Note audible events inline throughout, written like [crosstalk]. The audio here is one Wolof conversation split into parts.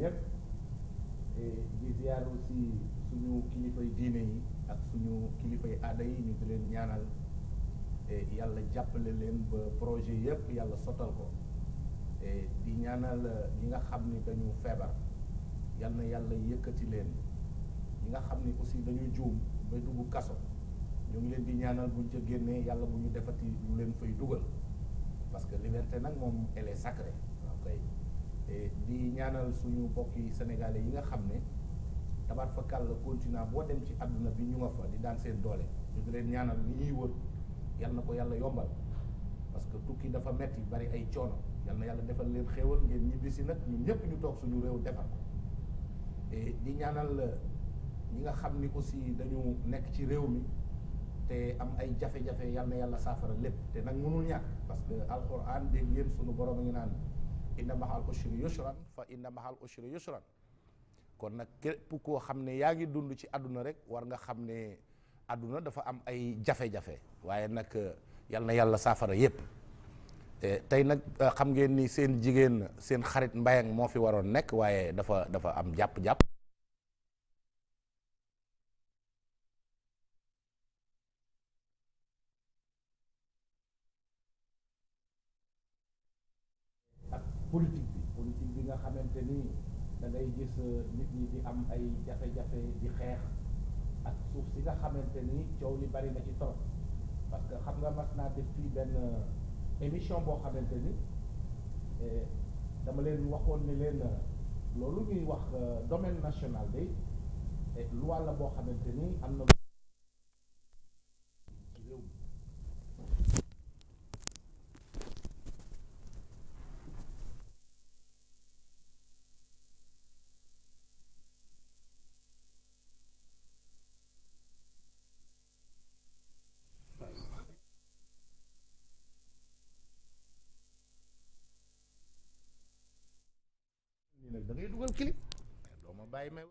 ñëpp di ziar aussi suñu kilifay diine yi ak suñu kilifay aada yi ñu di leen ñaanal yàlla jàppale leen ba projet yëpp yàlla sottal ko di ñaanal ñi nga xam ni dañu feebar yal na yàlla yëkkati leen ñi nga xam ni aussi dañu juum ba dugg kaso ñoo ngi leen di ñaanal buñ ca génnee yàlla bu ñu defati lu leen fay dugal parce que liberté nag moom elle est sacrée waaw Eh, di ñaanal suñu mbokki sénégalais yi nga xam ne tabar fa kàll continent boo dem ci àdduna bi ñu nga fa di daan seen doole ñu ngi leen ñaanal li ñuy wër yal na ko yàlla yombal parce que tukki dafa metti bari ay coono yal yàlla defal leen xéewal ngeen ñibbisi nag ñun ñëpp ñu toog suñu réew defar ko eh, di ñaanal eh, ñi nga xam ni aussi dañu nekk ci réew mi te am ay jafe-jafe yal na yàlla saafara lépp te nag mënul ñàkk parce que alxuraan dégg ngeen suñu borom a ngi naan inna mahal ushri yusran fa inna mahal ushri yusran kon nag képp koo xam ne yaa ngi dund ci àdduna rek war nga xam ne àdduna dafa am ay jafe-jafe waaye nag euh, yal na yàlla saafara yépp e, tey nag euh, xam ngeen ni seen jigéen seen xarit mbayang moo fi waroon nekk waaye dafa dafa am jàpp-jàpp politique bi politique bi nga xamante ni da gis euh, nit ñi di am ay jafe-jafe di xeex ak suuf si nga xamante ni coow li bari na ci trop parce que xam nga wax naa def fii benn euh, émission boo xamante ni eh, dama leen waxoon ni leen euh, loolu ñuy wax domaine national bi eh, loi la boo xamante ni am na waaye may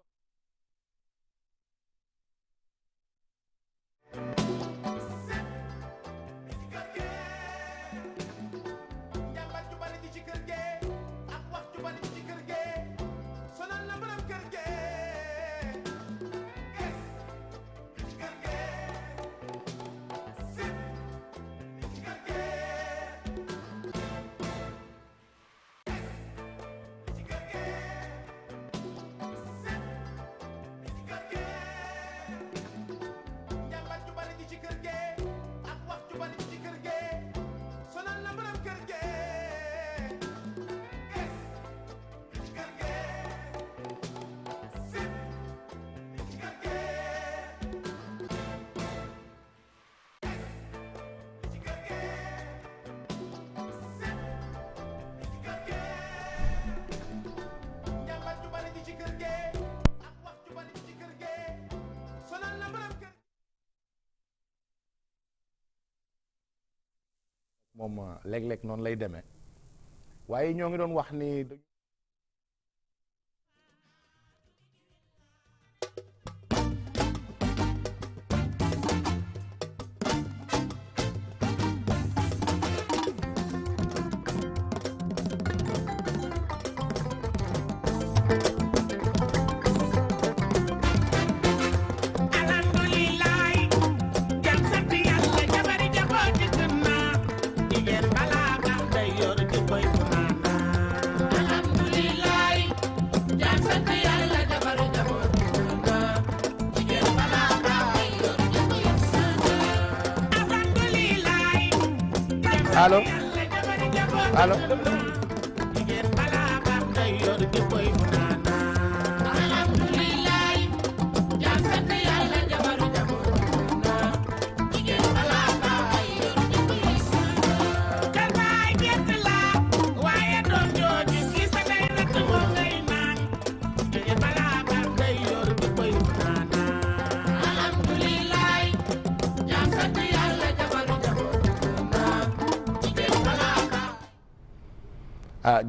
moom euh, léeg-léeg noonu lay demee waaye ñoo ngi doon wax ni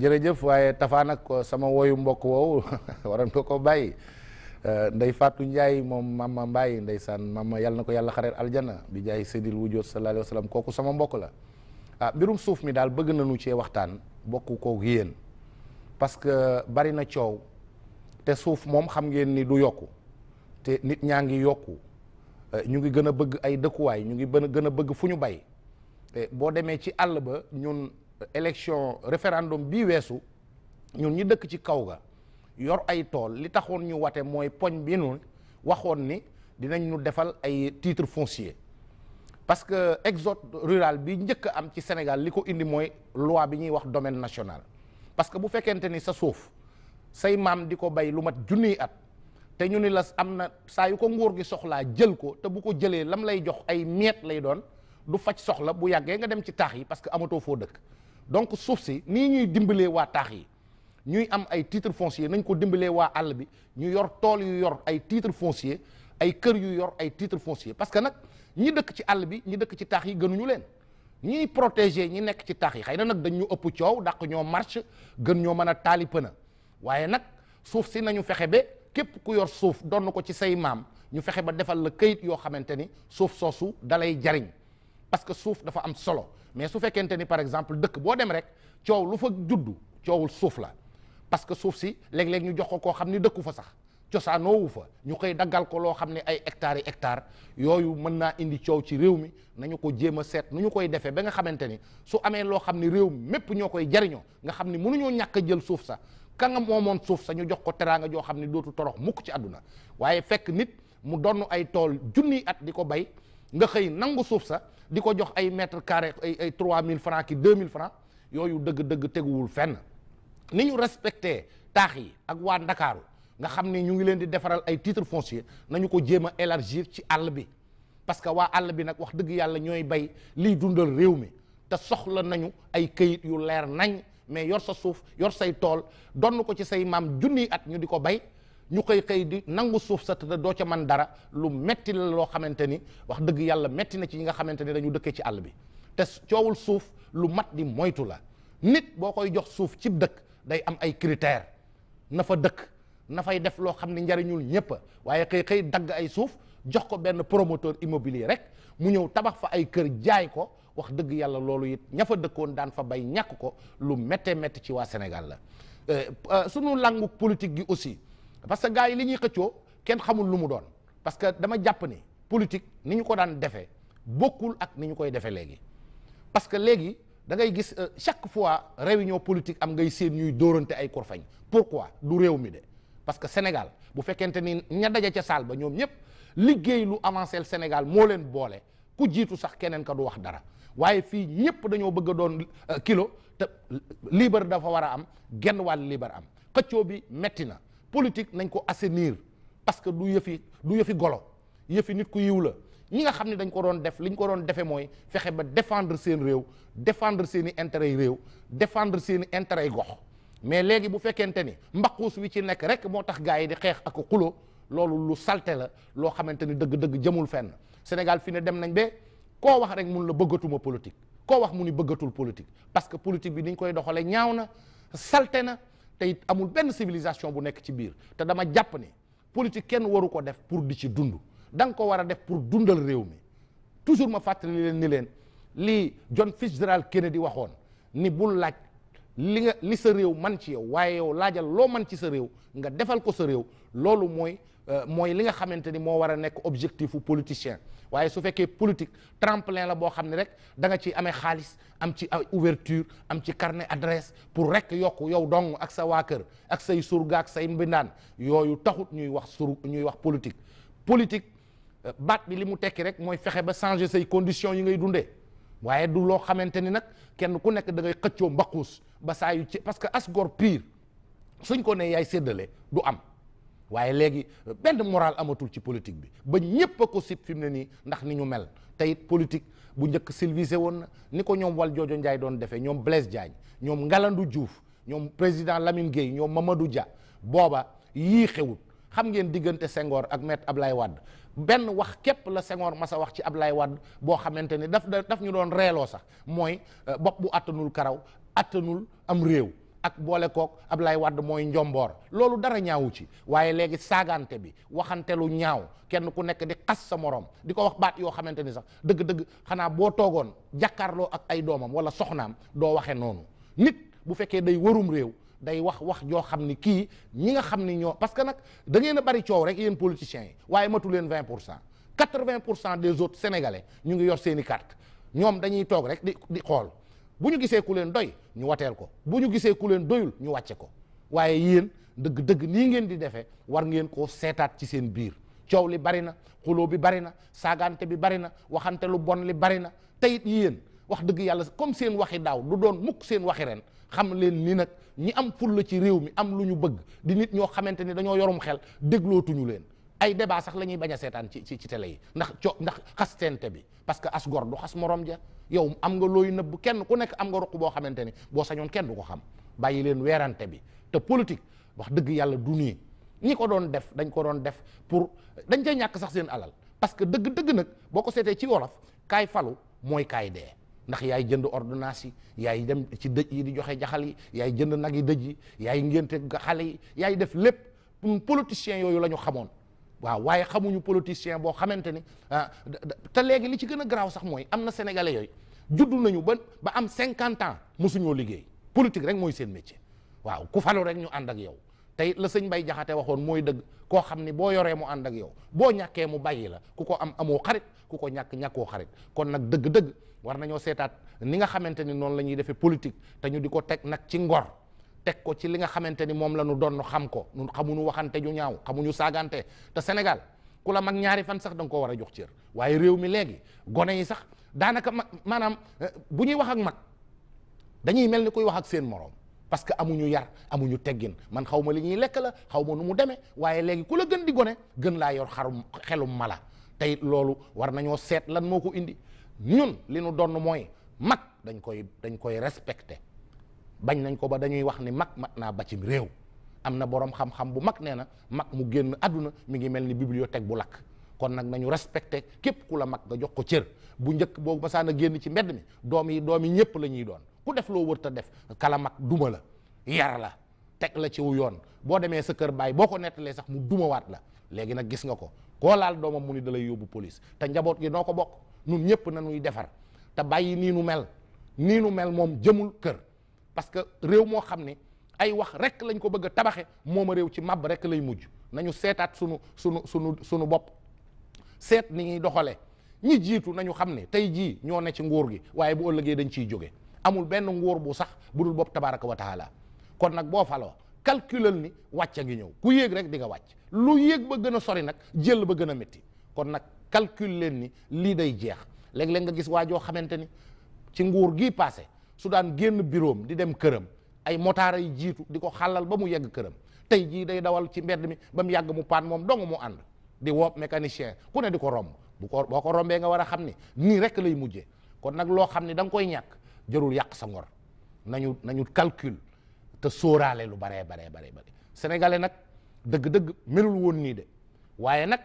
jërëjëf waaye Tafa nag euh, sama woyu mbokk woowu [laughs] waroon ko ko bàyyi euh, Ndey Fatou Ndiaye moom ma mama Mbaye ndeysaan mama yàlla na ko yàlla xareel aljana bi njaay séddil wujjoot sallallahu alayhi wa sallam kooku sama mbokk la ah mbirum suuf mi daal bëgg nañu cee waxtaan bokk koog yéen parce que bari na coow te suuf moom xam ngeen ni du yokk te nit ñaa ngi yokk euh, ñu ngi gën a bëgg ay dëkkuwaay ñu ngi gën a bëgg fu ñu bay eh, boo demee ci àll ba ñun élection référendum bii weesu ñun ñi dëkk ci kaw ga yor ay tool li taxoon ñu wate mooy poñ bi noonu waxoon ni dinañ ñu defal ay titre foncier parce que exode rural bi njëkk a am ci Sénégal li ko indi mooy loi bi ñuy wax domaine national parce que bu fekkente ni sa suuf say maam di ko bay lu mat junniy at te ñu ni la am na saa yu ko nguur gi soxlaa jël ko te bu ko jëlee lam lay jox ay miet lay doon du faj soxla bu yàggee nga dem ci taax yi parce que amatoo foo dëkk donc suuf si nii ñuy dimbalee waa taax yi ñuy am ay titre foncier nañ ko dimbalee waa àll bi ñu yor tool yu yor ay titre foncier ay kër yu yor ay titre foncier parce que nag ñi dëkk ci àll bi ñi dëkk ci taax yi gënuñu leen ñiy protéger ñi nekk ci taax yi xëy na nag dañu ëpp coow dàq ñoo marche gën ñoo mën a taali pëna waaye nag suuf si nañu fexe ba képp ku yor suuf donn ko ci say maam ñu fexe ba defal la kayit yoo xamante ni suuf soosu dalay jariñ parce que suuf dafa am solo mais su fekkente ni par exemple dëkk boo dem rek coow lu fa juddu coowul suuf la parce que suuf si léeg-léeg ñu jox ko koo xam ni dëkku fa sax cosaanoowu fa ñu koy daggal ko loo xam ne ay hectares yi hectares yooyu mën naa indi coow ci réew mi nañu ko jéem a seet nu ñu koy defee ba nga xamante ni su amee loo xam ni réew mi mépp ñoo koy jariñoo nga xam ni mënuñoo ñàkk jël suuf sax ka nga moomoon suuf sax ñu jox ko teraanga joo xam ni dootu torox mukk ci àdduna waaye fekk nit mu donn ay tool junniy at di ko bay nga xëy nangu suuf sax di ko jox ay mètre carré ay ay trois mille francs ki deux mille francs yooyu dëgg-dëgg teguwul fenn ni ñu respecté taax yi ak waa Ndakaaru nga xam ni ñu ngi leen di defaral ay titre foncier nañu ko jéem a élargir ci àll bi parce que waa àll bi nag wax dëgg yàlla ñooy bay liy dundal réew mi te soxla nañu ay kayit yu leer nañ mais yor sa suuf yor say tool donn ko ci say maam junniy at ñu di ko bay ñu koy xëy di nangu suuf sa te doo ca man dara lu metti la loo xamante ni wax dëgg yàlla metti na ci ñi nga xamante ni dañu dëkkee ci àll bi te coowul suuf lu mat di moytu la nit boo koy jox suuf ci dëkk day am ay critères na fa dëkk na fay def loo xam ne njariñul ñëpp waaye xëy xëy dagg ay suuf jox ko benn promoteur immobilier rek mu ñëw tabax fa ay kër jaay ko wax dëgg yàlla loolu it ña fa dëkkoon daan fa bay ñàkk ko lu méttee métti ci waa Sénégal la euh, euh, langu politique gi aussi. parce que gars yi li ñuy xëccoo kenn xamul lu mu doon parce que dama jàpp ni politique ni ñu ko daan defee bokkul ak ni ñu koy defee léegi parce que léegi da ngay gis euh, chaque fois réunion politique am ngay seen ñuy dóorante ay pour quoi du réew mi de parce que Sénégal bu fekkente ni ña daje ca saal ba ñoom ñëpp liggéey lu avancé Sénégal moo leen boole ku jiitu sax keneen ka du wax dara waaye fii ñëpp dañoo bëgg a doon euh, kilo te libre dafa war a am genn wàll libre am xëccoo bi metti na politique nañ ko assainir parce que du yëfi du yëfi golo yëfi nit ku yiw la ñi nga xam ne dañ ko doon def li ñu ko doon defee mooy fexe ba défendre seen réew défendre seen i intérêt yi réew défendre seen i intérêt yi gox mais léegi bu fekkente ni mbaquus wi ci nekk rek moo tax gars yi di xeex ak xulo loolu lu salte la loo xamante ni dëgg-dëgg jëmul fenn Sénégal fi ne dem nañ ba koo wax rek mun la bëggatuma politique koo wax mu ni bëggatul politique parce que politique bi ni koy doxalee ñaaw na salte na te it amul benn civilisation bu nekk ci biir te dama jàpp ne politique kenn waru ko def pour di ci dund da ko war a def pour dundal réew mi toujours ma fàttali leen ni leen li John Fitzgerald Kennedy waxoon ni bul laaj li nga li sa réew man ci yow waaye yow laajal loo man ci sa réew nga defal ko sa réew loolu mooy euh, mooy li nga xamante ni moo war a nekk objectif u politicien waaye su fekkee politique tremplin la boo xam ne rek da nga ci amee xaalis am ci ouverture am ci carnet adresse pour rek yokk yow dong ak sa waa kër ak say surga say mbindaan yooyu taxut ñuy wax sur ñuy wax politique politique euh, baat bi li mu tekki rek mooy fexe ba changer say conditions yi ngay dundee waaye du loo xamante ni nag kenn ku nekk da ngay xëccoo mbaquus ba saa ci parce que as gor pire suñ ko ne yaay séddale du am waaye léegi benn moral amatul ci politique bi ba ñépp a ko sib fi ne nii ndax ni ñu mel te it politique bu njëkk civilisé woon na ni ko ñoom wal joojo Ndiaye doon defee ñoom Blaise Diagne ñoom Ngalandou juuf ñoom président Lamine Gueye ñoom mamadu Dia booba yii xewut xam ngeen diggante sengoor ak ab Ablaye Wade benn wax képp la Senghor masa wax ci ab Ablaye Wade boo xamante ni daf daf ñu doon reeloo sax mooy euh, bopp bu àttanul karaw attanul am réew ak boole kook ab Ablaye wadd mooy njomboor loolu dara ñaawu ci waaye léegi saagante bi waxante ñaaw kenn ku nekk di xas sa morom di ko wax baat yoo xamante ni sax dëgg-dëgg xanaa boo toogoon jàkkaarloo ak ay doomam wala soxnaam doo waxe noonu nit bu fekkee day warum réew day wax wax joo xam ni kii ñi nga xam ni ñoo parce que nag da ngeen a bari coow rek yéen politiciens yi waaye matu leen 20 pour cent 80 pour cent des autres sénégalais ñu ngi yor seen i ñoom dañuy toog rek di di xool bu ñu gisee ku leen doy ñu wateel ko bu ñu gisee ku leen doyul ñu wàcce ko waaye yéen dëgg-dëgg nii ngeen di defee war ngeen koo seetaat ci seen biir coow li bari na xuloo bi bari na saagante bi bari na waxante lu bon li bari na teyit yéen wax dëgg yàlla comme seen waxi daaw lu doon mukk seen waxi ren xam leen ni nag ñi am fulla ci réew mi am lu ñu bëgg di nit ñoo xamante ni dañoo yorum xel déglootuñu leen ay débat sax la ñuy bañ a seetaan ci ci ci télé yi ndax co ndax xastente bi parce que as gor du xas morom ja yow am nga looy nëbb kenn ku nekk am nga ruq boo xamante ni boo sañoon kenn du ko xam bàyyi leen weerante bi te politique wax dëgg yàlla du nii ñi ko doon def dañ ko doon def pour dañ cay ñàkk sax seen alal parce que dëgg dëgg nag boo ko seetee ci wolof kaay falu mooy kaay dee ndax yaay jënd ordonnance yaay dem ci dëj yi di joxe jaxal yi yaay jënd nag yi dëj yi yaay ngénte xale yi yaay def lépp politicien yooyu la ñu xamoon waaw waaye xamuñu politicien boo xamante ni ah, te léegi li ci gën a garaaw sax mooy am na sénégalais yooyu juddu nañu ba ba am cinquante ans mosuñoo liggéey politique rek mooy seen métier waaw ku falu rek ñu ànd ak yow tey la sëñ Bay Jaxate waxoon mooy dëgg koo xam ni boo yoree mu ànd ak yow boo ñàkkee mu bàyyi la ku ko am amoo xarit ku ko ñàkk ñàkkoo xarit kon nag dëgg-dëgg war nañoo seetaat ni nga xamante ni noonu la ñuy defee politique te ñu di ko teg nag ci ngor teg ko ci li nga xamante ni moom la ñu doon xam ko ñun xamuñu waxante ñu ñaaw xamuñu saagante te Sénégal ku la mag ñaari fan sax da nga war a jox cër waaye réew mi léegi gone yi sax daanaka ma maanaam eh, bu ñuy wax ak mag dañuy mel ni kuy wax ak seen moroom parce que amuñu yar amuñu teggin man xaw ma li ñuy lekk la xaw ma nu mu demee waaye léegi ku la gën di gone gën laa yor xarum xelum mala tey loolu war nañoo seet lan moo ko indi ñun li nu donn mooy mag dañ koy dañ koy respecté bañ nañ ko ba dañuy wax ni mag mat naa bacim réew am na borom xam-xam bu mag nee na mag mu génn àdduna mi ngi mel ni teg bu lakk kon nag nañu respecté képp ku la mag nga jox ko cër bu njëkk boobu masaan a génn ci mbedd mi doom yi doom yi ñépp la ñuy doon ku def loo wërta def kala mag duma la yar la teg la ciw yoon boo demee sa kër baay boo ko nettalee sax mu dumawaat la léegi nag gis nga ko koo laal doomam mu ni da yóbbu police te njaboot gi noo ko bokk nun ñépp na defar te bàyyi nii nu mel nii nu mel moom jëmul kër parce que réew moo xam ne ay wax rek lañ ko bëgg a tabaxe mooma réew ci màbb rek lay mujj nañu seetaat sunu sunu sunu sunu bopp seet ni ñuy doxalee ñi jiitu nañu xam ne tey jii ñoo ne ci nguur gi waaye bu ëllëgee dañ ciy jóge amul benn nguur bu sax bu dul bopp tabaraka wa kon nag boo faloo calculal ni wàcc ngi ñëw ku yéeg rek di nga wàcc lu yéeg ba gën a sori nag jël ba gën a métti kon nag calcul leen ni lii day jeex léeg-léeg nga gis waa joo xamante ni ci nguur gi passé su daan génn biroom di dem këram ay motaara yi jiitu di ko xàllal ba mu yegg këram tey jii day dawal ci mbedd mi ba mu yàgg mu paan moom dong mu ànd di woop mécanicien ku ne di ko romb bu ko boo ko rombee nga war a xam ni nii rek lay mujjee kon nag loo xam ni da nga koy ñàkk jërul yàq sa ngor nañu nañu calcul te sóoraale lu baree baree baree bare sénégalais nag dëgg-dëgg melul woon nii de waaye nag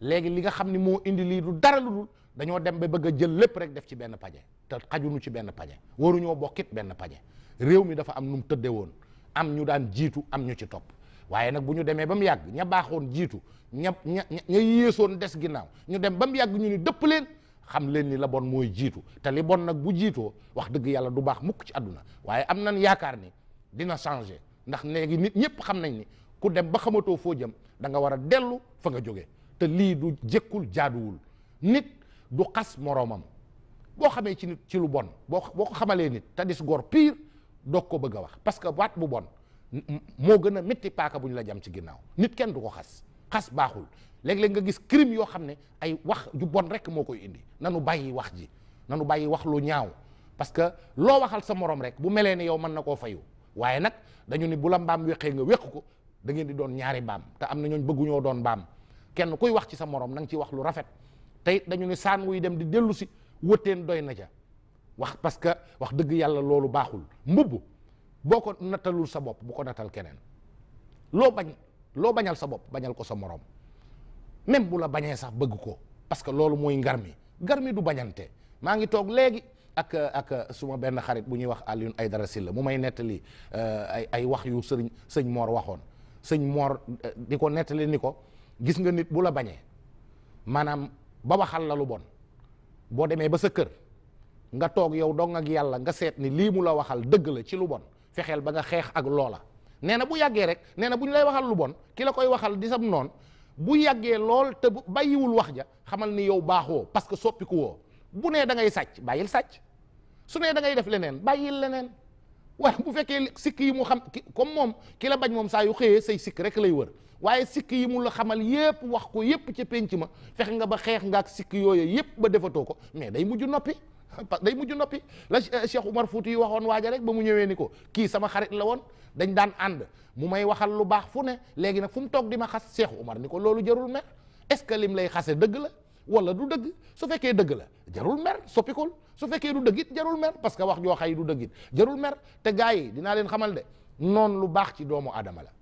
léegi li nga xam ni moo indi lii du dara lu dul dañoo dem ba bëgg a jël lépp rek def ci benn paje te xajunu ci benn paje waruñoo bokkit benn paje réew mi dafa am nu mu tëdde woon am ñu daan jiitu am ñu ci topp waaye nag bu ñu demee ba mu yàgg ña baaxoon jiitu ña ña ña yéesoon des ginnaaw ñu dem ba mu yàgg ñu ni dëpp leen xam leen ni la bon mooy jiitu te li bon nag bu jiitoo wax dëgg yàlla du baax mukk ci àdduna waaye am nan yaakaar ni dina changer ndax léegi nit ñëpp xam nañ ni ku dem ba xamatoo foo jëm da war a dellu fa nga jóge te lii du jëkkul jaaduwul du xas moroomam boo xamee ci nit ci lu bon boo boo ko xamalee nit te gor góor doog ko bëgg a wax parce que waat bu bon moo gën a métti paaka bu ñu la jam ci ginnaaw nit kenn du ko xas xas baaxul léeg-léeg nga gis crime yoo xam ne ay wax ju bon rek moo koy indi nanu bàyyi wax ji na nanu bàyyi wax lu ñaaw parce que loo waxal sa moroom rek bu melee ne yow mën na koo fayu waaye nag dañu ni bu la mbaam wéqee nga wéq ko da ngeen di doon ñaari mbaam te am na ñooñ bëgguñoo doon mbaam kenn kuy wax ci sa morom na nga ci wax lu rafet tey dañu ne saan wuy dem di dellu si wëttéen doy na ca wax parce que wax dëgg yàlla loolu baaxul mbubb boo ko nattalul sa bopp bu ko nattal keneen loo bañ loo bañal sa bopp bañal ko sa moroom même bu la bañee sax bëgg ko parce que loolu mooy ngar mi ngar du bañante maa ngi toog léegi ak ak suma benn xarit bu ñuy wax Alioune Aydara Sylla mu may nettali euh, ay ay wax yu sëriñ sëñ Mor waxoon sëñ Mor euh, di ko nettali ni ko gis nga nit bu la bañee maanaam ba waxal la lu bon boo demee ba sa kër nga toog yow dong ak yàlla nga seet ni lii mu la waxal dëgg la ci lu bon fexeel ba nga xeex ak loola nee na bu yàggee rek nee na bu ñu lay waxal lu bon ki la koy waxal di sam noon bu yàggee lool te bu bàyyiwul wax ja xamal ni yow baaxoo parce que soppiku woo bu nee da ngay sàcc bàyyil sàcc su nee da ngay def leneen bàyyil leneen waaye bu fekkee sikk yi mu xam comme moom ki la bañ moom saa yu xëyee say sikk rek lay wër waaye sikk yi mu la xamal yépp wax ko yépp ca pénc ma fex nga ba xeex nga ak sikk yooyu yépp ba defatoo ko mais day mujj noppi [laughs] day mujj noppi la Cheikh Umar Fouti yi waxoon waaja rek ba mu ñëwee ni ko kii sama xarit la woon dañ daan ànd mu may waxal lu baax fu ne léegi nag fu mu toog di ma xas Cheikh Umar ni ko loolu jarul mer est-ce que lim lay xase dëgg la wala du dëgg su fekkee dëgg la jarul mer soppikul su fekkee du dëgg it jarul mer parce que wax joo xay du dëgg jarul mer te gars yi dinaa leen xamal de noonu lu baax ci doomu aadama la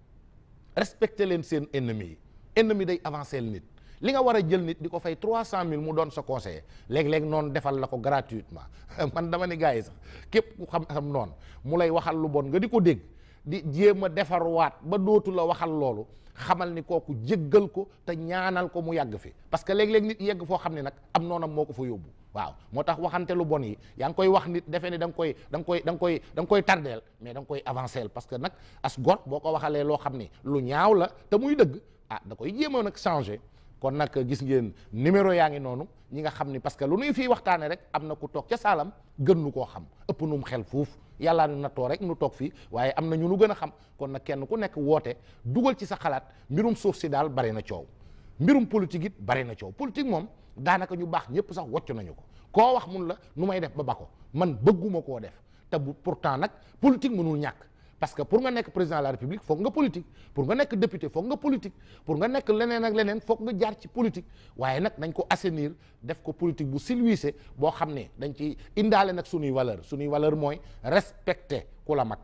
respecté leen seen ennemi yi ennemi day avancé nit li nga war a jël nit di ko fay trois cent mille mu doon sa conseiller léeg-léeg noonu defal la ko gratuitement [laughs] man dama ne gars yi sax képp ku xam xam noonu mu lay waxal lu bon nga di ko dégg di jéem a defarwaat ba dootu la waxal loolu xamal ni kooku jéggal ko te ñaanal ko mu yàgg fi parce que léeg-léeg nit yegg foo xam ne nag am noonam moo ko fa yóbbu waaw moo tax waxante lu bon yi yaa ngi koy wax nit defe ne da nga koy da koy da koy da koy tardeel mais danga koy avanceel parce que nag as gor boo ko waxalee loo xam ni lu ñaaw la te muy dëgg ah da koy jéem nag changé kon nag gis ngeen numéro yaa ngi noonu ñi nga xam ni parce que lu nuy fii waxtaane rek am na ku toog ca gën nu koo xam ëpp num xel fuuf yàlla na too rek nu toog fii waaye am na ñu nu gën a xam kon nag kenn ku nekk woote dugal ci sa xalaat mbirum suuf si daal bare na coow mbirum politique it bare na coow politique moom daanaka ñu baax ñëpp sax wocc nañu ko koo wax mun la nu may def ba ba ko man bëgguma koo def te bu pourtant nag politique mënul ñàkk parce que pour nga nekk président de la république foog nga politique pour nga nekk député foog nga politique pour nga nekk leneen ak leneen foog nga jaar ci politique waaye nag nañ ko assainir def ko politique bu silwiise boo xam ne dañ ci indaale nag suñuy valeur suñuy valeur mooy respecter ku la mag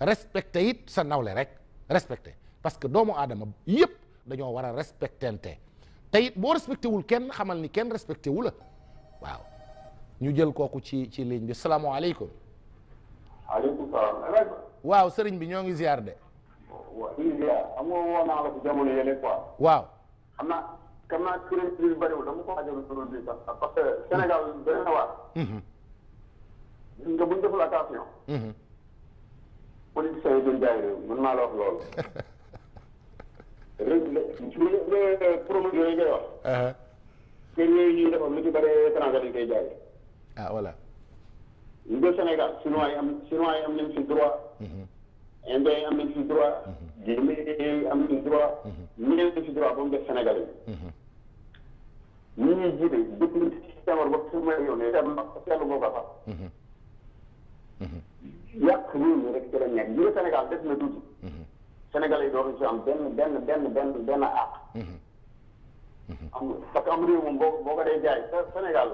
respecter it sa nawle rek respecter parce que doomu aadama yépp dañoo war a respectante te it boo respecté wul kenn xamal ni kenn respecté wu la waaw ñu jël kooku ci ci ligne bi salaamaaleykum. waaw sëriñ bi ñoo ngi ziar de. waaw ñu ngi ziar xam nga woo naa la ko xaajal kuréel bi sax parce que Sénégal bëri na waar. Mhm. nga buñ deful mhm. yi duñ jaay réew mën naa la wax loolu. [laughs] rek le promoteur yooyu ngay wax. kër yooyu ñuy defal lu ci bëree étranger dañ koy jaay. ah voilà. am chinois am nañ fi droit. Inde yi am nañ a droit. Guinée yi am nañ droit. ñeneen ñi ci droit ba mu def Sénégal yi. ñi ñuy jiite depuis Senghor ba su ma yoon ne seetlu seetlu boo ko fa. yàq réew mi rek ci la nekk ñu Sénégal def na tuuti. Sénégal yi dootuñu ci am benn benn benn benn benn àq. am parce que am réew moom boo boo ko dee jaay Sénégal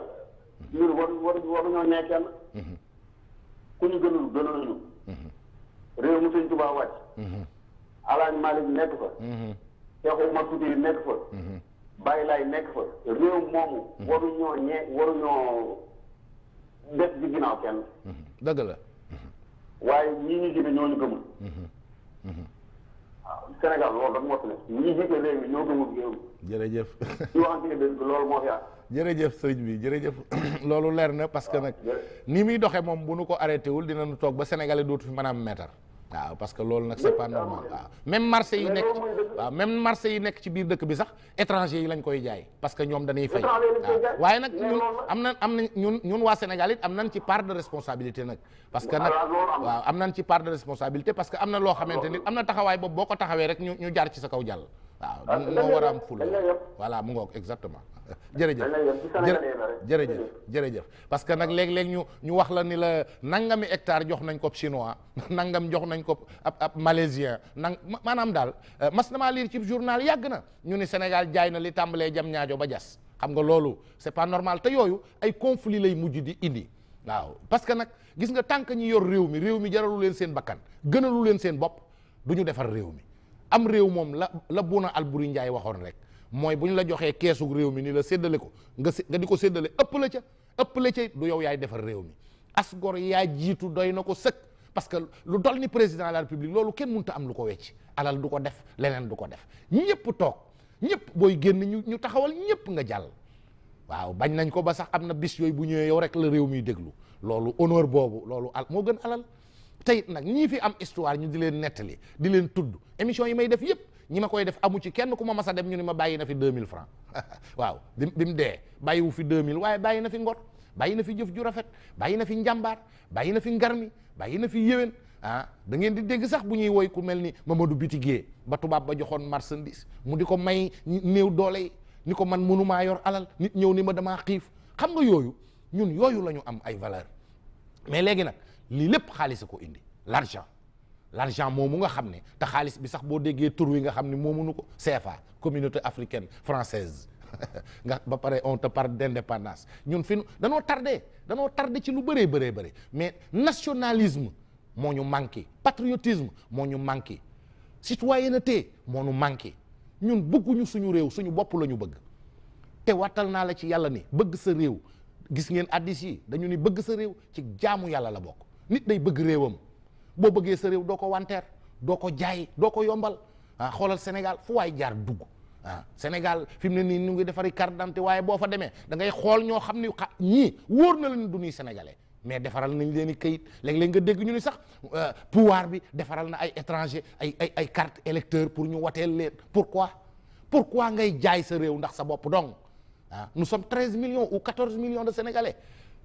ñun war war waruñoo nekk kenn ku ñu gënul gënul réew mu sëñ Tuubaa wàcc mhm. Alaaji Maalik nekk fa mhm. Seexu Umar Fuutiyu nekk fa mhm. Baay Laay nekk fa réew moomu waruñoo ñee waruñoo des di ginnaaw kenn dëgg la waaye ñii ñu jiite ñooñu gëmul waaw Sénégal loolu rek moo fi ne ñi jiite réew mi ñoo gëmul réew mi jërëjëf ñu waxante dëgg loolu moo fi am jërëjëf sëñ bi jërëjëf [clears throat] loolu leer na parce que nag ni muy doxee moom bu nu ko arrêté wul dinañu toog ba sénégalais dootu fi manaam a waaw parce que loolu nag c'est pas normal yi nekk même marché yi nekk ci biir dëkk bi sax étranger yi lañ koy jaay parce que ñoom dañuy fay waaw nag am na am na ñun ñun waa Sénégal am nañ ci part de responsabilité nag parce que nag ah, waaw am nañ ci part de responsabilité parce que am na loo xamante ni ah, am na taxawaay boobu boo ko taxawee rek ñu jaar ci sa kaw jàll waaw ah, moo war a am ful voilà mu ngoog exactement jërëjëf jërëjëf jërëjëf parce que nag léeg-léeg ñu ñu wax la ni la nangami hectare jox nañ ko chinois [laughs] nangam jox nañ ko ab ab malaisien nang maanaam daal euh, mas na maa liir ci journal yàgg na ñu ni Sénégal jaay na li tàmbalee jam ñaajo ba jas xam nga loolu c'est pas normal te yooyu ay conflit lay mujj di indi waaw parce que nag gis nga tànk ñi yor réew mi réew mi jaralu leen seen bakkan gënalu leen seen bopp du ñu defar réew mi am réew moom la la Bouna Alboury Ndiaye waxoon rek mooy bu ñu la joxee keesu réew mi nii la séddale ko nga nga ko séddale ëpp la ca ëpp la ca du yow yaay defar réew mi as gor yaa jiitu doy na ko sëkk parce que lu dol ni président de la république loolu kenn mënta am lu ko wecc alal du ko def leneen du ko def ñëpp toog ñëpp booy génn ñu ñu taxawal ñëpp nga jàll waaw bañ nañ ko ba sax am na bis yooyu bu ñëwee yow rek la réew miy déglu loolu honneur boobu loolu al moo gën alal teyit nag ñii fi am histoire ñu di leen nettali di leen tudd émission yi may def yëpp ñi ma koy def amu ci kenn ku ma mas a dem ñu ni ma bàyyi na fi 2000 francs [laughs] waaw bi bi mu dee bàyyiwu fi 2000 waaye bàyyi na fi ngor bàyyi na fi jëf ju rafet bàyyi na fi njàmbaar bàyyi na fi ngarmi bàyyi na fi yéwén ah da ngeen di dégg sax bu ñuy woy ku mel ni Mamadou Bitigué ba tubaab ba joxoon marchandise mu di ko may néew doole yi ni ko man mënumaa yor alal nit ñëw ni ma damaa xiif xam nga yooyu ñun yooyu la ñu am ay valeur mais léegi nag lii lépp xaalis a indi l'argent l'argent moomu nga xam ne te xaalis bi sax boo déggee tur wi nga xam ne nu ko CFA communauté africaine française [laughs] nga ba pare on te parle d'indépendance ñun fi danoo tardé danoo tardé ci lu bëree bëree bëri mais nationalisme moo ñu manqué patriotisme moo ñu manqué citoyenneté moo ñu manqué ñun bëgguñu suñu réew suñu bopp la ñu bëgg te wattal naa la ci yàlla ni bëgg sa réew gis ngeen addis yi dañu ni bëgg sa réew ci jaamu yàlla la bokk nit day bëgg réewam boo bëggee sa réew doo ko wanteer doo ko jaay doo ko yombal ah xoolal Sénégal fu waay jaar dugg ah Sénégal fi mu ne nii ñu ngi defari carte d'identité waaye boo fa demee dangay xool ñoo xam ni xa ñii wóor na la ni du ñuy sénégalais mais defaral nañ leen i kayit léeg-léeg nga dégg ñu ni sax euh, pouvoir bi defaral na ay étranger ay ay ay carte électeur pour ñu wateel leen pour pourquoi ngay jaay sa réew ndax sa bopp dong ah nous sommes treize million ou quatorze de sénégalais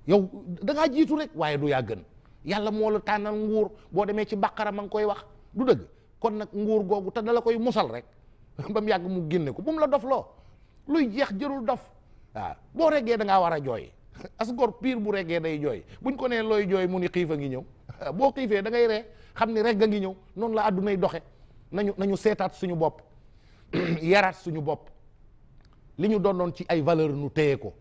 yow da ngaa jiitu rek waaye du yaa gën yàlla moo la tànnal nguur boo demee ci bàqara ma ngi koy wax du dëgg kon nag nguur googu te da la koy musal rek [laughs] ba mu yàgg mu génne ko bu mu la dof loo luy jeex jërul dof waaw boo reggee da ngaa war a jooy [laughs] as piir bu reggee day jooy buñ ko nee looy jooy mu ni xiif a ngi ñëw [laughs] boo xiifee da ngay ree xam ni regg a ngi ñëw noonu la àddunay doxe nañu nañu seetaat suñu bopp [clears throat] yaraat suñu bopp li ñu doon doon ci ay valeur nu téye ko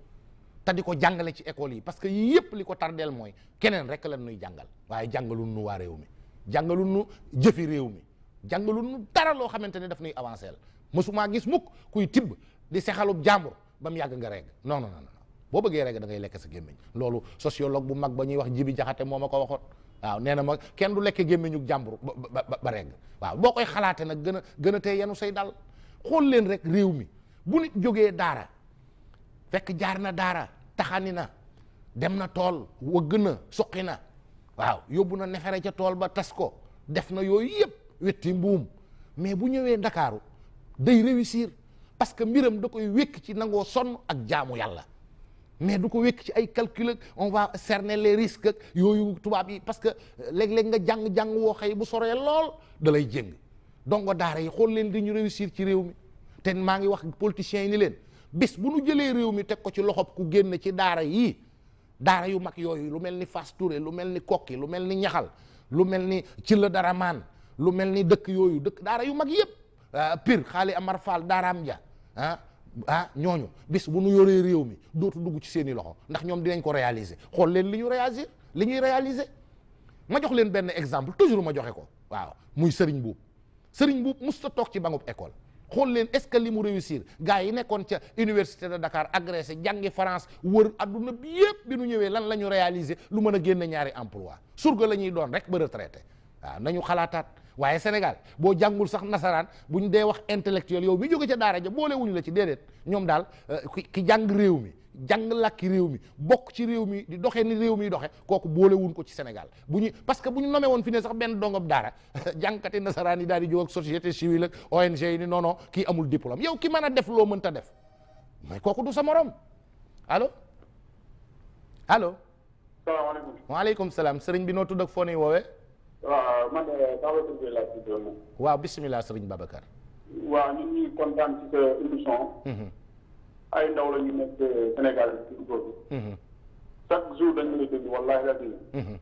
te di ko jàngale ci école yi parce que yii yëpp li ko tardeel mooy keneen rek lan nuy jàngal waaye jàngalu nu waa réew mi jàngalu nu jëfi réew mi jàngalu nu dara loo xamante ne daf nuy avancé la mësumaa gis mukk kuy tibb di sexalub jàmbur ba mu yàgg nga reg non non non boo bëggee reg da lekk sa gémmiñ loolu sociologue bu mag ba ñuy wax jibi jaxate moo ma ko waxoon waaw nee na ma kenn du lekk gémmiñu jàmbur ba ba reg waaw boo koy xalaate nag gën gën a tey yenu say dal xool leen rek réew mi bu jógee daara fekk jaar na daara taxani na dem na tool wëgg na suqi na waaw yóbbu na nefere ca tool ba tas ko def na yooyu yëpp wetti mbuum mais bu ñëwee ndakaaru day réussir parce que mbiram da koy wékk ci nangoo sonn ak jaamu yàlla mais du ko wékk ci ay calcul ak on va cerner les risques yooyu tubaab yi parce que euh, léeg-léeg nga jàng-jàng woo xëy bu soree lool da lay jéng dongo daara yi xool leen di ñu réussir ci réew mi te maa ngi wax politiciens yi ni leen bis bu nu jëlee réew mi teg ko ci loxob ku génn ci daara yii daara yu mag yooyu lu mel ni Fass Touré lu mel ni Kokki lu mel ni ñaxal lu mel ni dara Daraman lu mel ni dëkk yooyu dëkk daara yu mag yëpp ah, Pire Xaali Amar Fall daaraam ja ah ah ñooñu bis bu nu yoree réew mi dootu dugg ci seeni loxo ndax ñoom dinañ ko réaliser xool leen li ñu réaliser li ñuy réaliser ma jox leen benn exemple toujours ma joxe ko waaw muy Serigne Boub sëriñ Boub mus sa toog ci bangub école xool leen est-ce que li mu réussir gars yi nekkoon ca université de Dakar agressé jàngi France wër adduna bi yëpp bi nu ñëwee lan la ñu réaliser lu mën a génn ñaari emploi surga la ñuy doon rek ba traité waaw nañu xalaataat waaye Sénégal boo jàngul sax nasaraan bu ñu dee wax intellectuel yow mi jóge ca daara ja boole wuñu la ci déedéet ñoom daal euh, ki jàng réew mi jàng làkki réew mi bokk ci réew mi di doxee ni réew mi doxe kooku boole wun ko ci Sénégal bu ñu parce que bu ñu nomee woon fi ne sax benn dongob daara [laughs] jàngkati nasaraan yi daal di jóg ak société civile ak ONG yi ni non kii amul diplôme yow ki man a def loo mënta def mais kooku du sa morom allo allo. salaam sëriñ bi noo foo nii bisimilah sëriñ Babacar. waaw ñu ngi kontaan ci sa émission. Mhm. ay ndaw la ñu nekk Sénégal ci góor bi mhm. chaque jour dañu lay déglu wallaahi la mhm.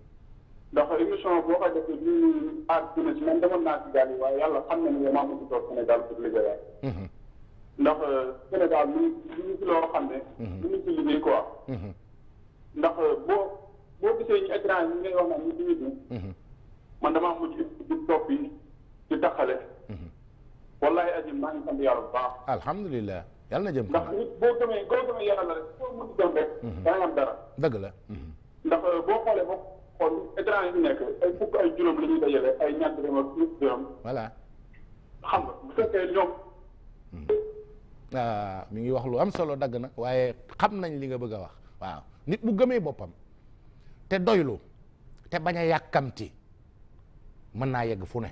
ndax émission boo ko defee nii aar dina si man demoon naa si gaal yi waaye yàlla xam na ne maa ngi toog Sénégal pour liggéeyaay. Mhm. ndax euh, Sénégal mu ngi mu ngi loo xam ne. mu ngi ci liggéey quoi. ndax euh, boo boo gisee ñu écran yi ñu ngi wax naan ñu ngi nii. man damaa di topp yi di taxale. wallaahi ajim maa ngi sant yàlla bu baax. alhamdulilah. yàlla na jëm ndax nit boo gëmee la mhm. mhm. ndax euh, boo xoolee boo xool étranger nga bu mhm. ah, ngi wax lu am solo dagg na waaye xam nañ li nga bëgg a wax nit bu gëmee boppam te doylu te bañ a yàkkamti mën naa yegg fu ne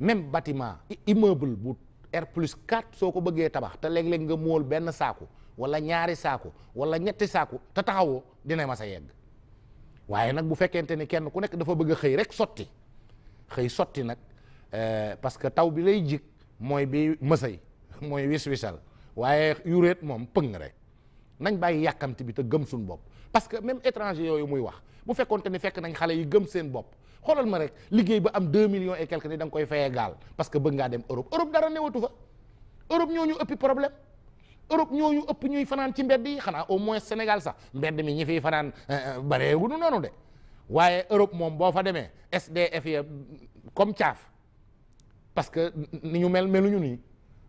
même bâtiment immeuble bu R plus 4 soo ko bëggee tabax te léeg-léeg nga mool benn saaku wala ñaari saaku wala ñetti saaku te taxawoo dina mas a yegg waaye nag bu fekkente ni kenn ku nekk dafa bëgg xëy rek sotti xëy sotti nag euh, parce que taw bi lay jig mooy bi mësay [laughs] mooy wis-wisal waaye yuréet moom pëng rek nañ bàyyi yàkkamti bi te gëm suñ bopp parce que même étranger yooyu muy wax bu fekkonte ni fekk nañ xale yi gëm seen bopp xoolal ma rek liggéey ba am deux millions et quelque ni da koy fayee gaal parce que bëgg ngaa dem Europe Europe dara newatu fa Europe ñoo ñu ëppi problème Europe ñoo ëpp ñuy fanaan ci mbedd yi xanaa au moins Sénégal sax mbedd mi ñi fi fanaan wu euh, bareewunu noonu de waaye Europe moom boo fa demee SDF ya comme caaf parce que ni ñu mel ñu nii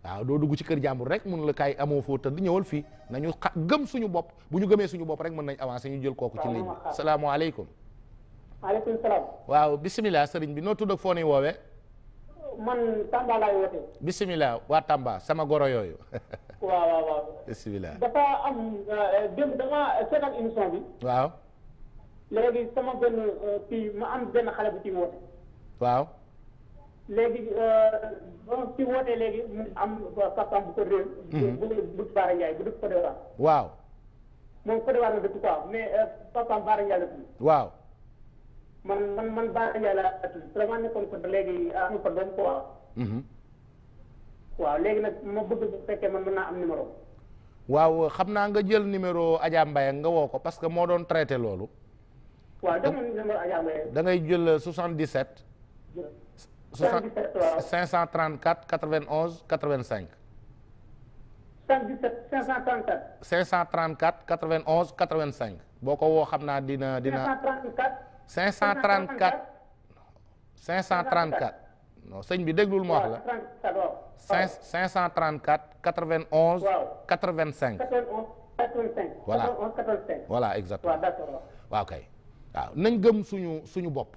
waaw doo dugg ci kër jàmbur rek mun la kaay amoo foo tëdd ñëwal fii nañu xa gëm suñu bopp bu ñu gëmee suñu bopp rek mën nañ avancer ñu jël kooku ci ligne salaamaaleykum maaleykum salaam. waaw bisimilah sëriñ bi noo tudd ak foo ni woowee. man Tamba laay woote. waa Tamba sama goro yooyu. [laughs] waaw waaw waaw. dafa am euh, démb dama seetaan émission bi. waaw. léegi sama benn euh, kii ma am benn xale bu ci woote. waaw. léegi euh, boo ci wootee léegi mu am kàttan bu ko réer. Mhm. bu bu bu Baara bu dëkk Côte d'Ivoire. waaw. moom Côte d'Ivoire la la tudd. waaw. man man man Ba Ndiallo dama nekkoon ko léegi ko mhm. waaw léegi nag ma bëgg bu fekkee man mën naa am numéro. waaw xam naa nga jël numéro Adja nga woo ko parce que moo doon traité loolu. waaw jox ma numéro Adja Mbaye. da ngay jël 77. 77 waaw 534 91 85. 77 534. 534 boo ko woo xam naa dina dina. 534 534 non sëñ bi déglul ma wax la 5 534 91 85 voilà voilà exactement waaw kay waaw nañ gëm suñu suñu bopp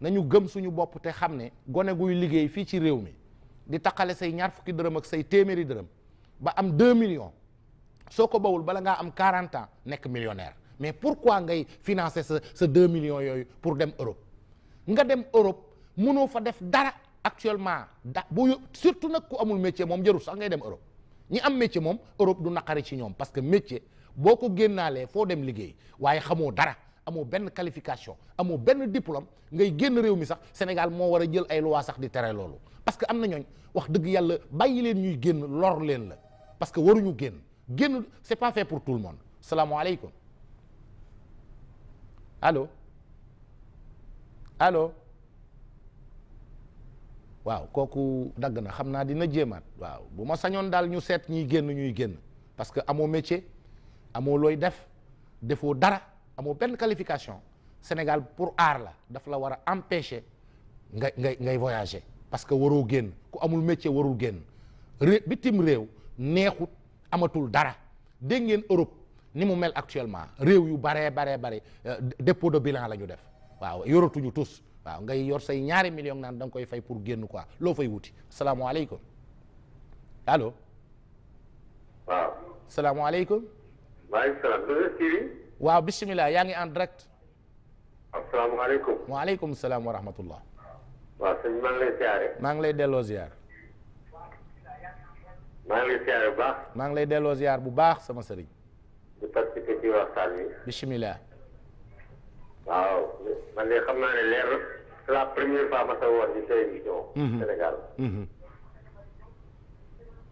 nañu gëm suñu bopp te xam ne gone guy liggéey fii ci réew mi di taqale say ñaar fukki dërëm ak say téeméeri dërëm ba am 2 millions soo ko bawul bala ngaa am 40 nekk millionnaire mais pourquoi ngay financer sa sa deux millions yooyu pour dem Europe nga dem Europe mënoo fa def dara actuellement da bu surtout nag ku amul métier moom jarul sax ngay dem Europe ñi am métier moom Europe du naqari ci ñoom parce que métier boo ko génnaale foo dem liggéey waaye xamoo dara amoo benn qualification amoo benn diplôme ngay génn réew mi sax Sénégal moo war a jël ay lois sax di tere loolu parce que am na ñooñ wax dëgg yàlla bàyyi leen ñuy génn lor leen la parce que waruñu génn génn c'est pas pour tout le monde salaamaaleykum allo allo waaw kooku dagg na xam naa dina jéemaat waaw bu ma sañoon daal ñu seet ñuy génn ñuy génn parce que amoo métier amoo looy def defoo dara amoo benn qualification Sénégal pour aar la daf la war a empêcher nga ngay ngay voyager parce que waroo génn ku amul métier warul génn ré bitim réew neexut amatul dara dégg ngeen Europe ni mu mel actuellement réew yu baree baree bare euh, dépôt de bilan la ñu def waaw yoratuñu tous waaw ngay yor say ñaari million naan da nga koy fay pour génn quoi loo fay wuti salaamaaleykum allo. waaw. salaamaaleykum. waaw bisimilah yaa ngi en direct. asalaamaaleykum. waaleykum salaam wa rahmatullah. waaw sëñ maa ngi lay siyaare. maa ngi lay delloo ziar. maa lay bu baax. delloo ziar bu baax sama sëriñ. ci waxtaan bi. bisimilah. waaw man de xam naa ne leer na la première fois ma sa woon ci sa émission. Mhm. Sénégal. Mhm.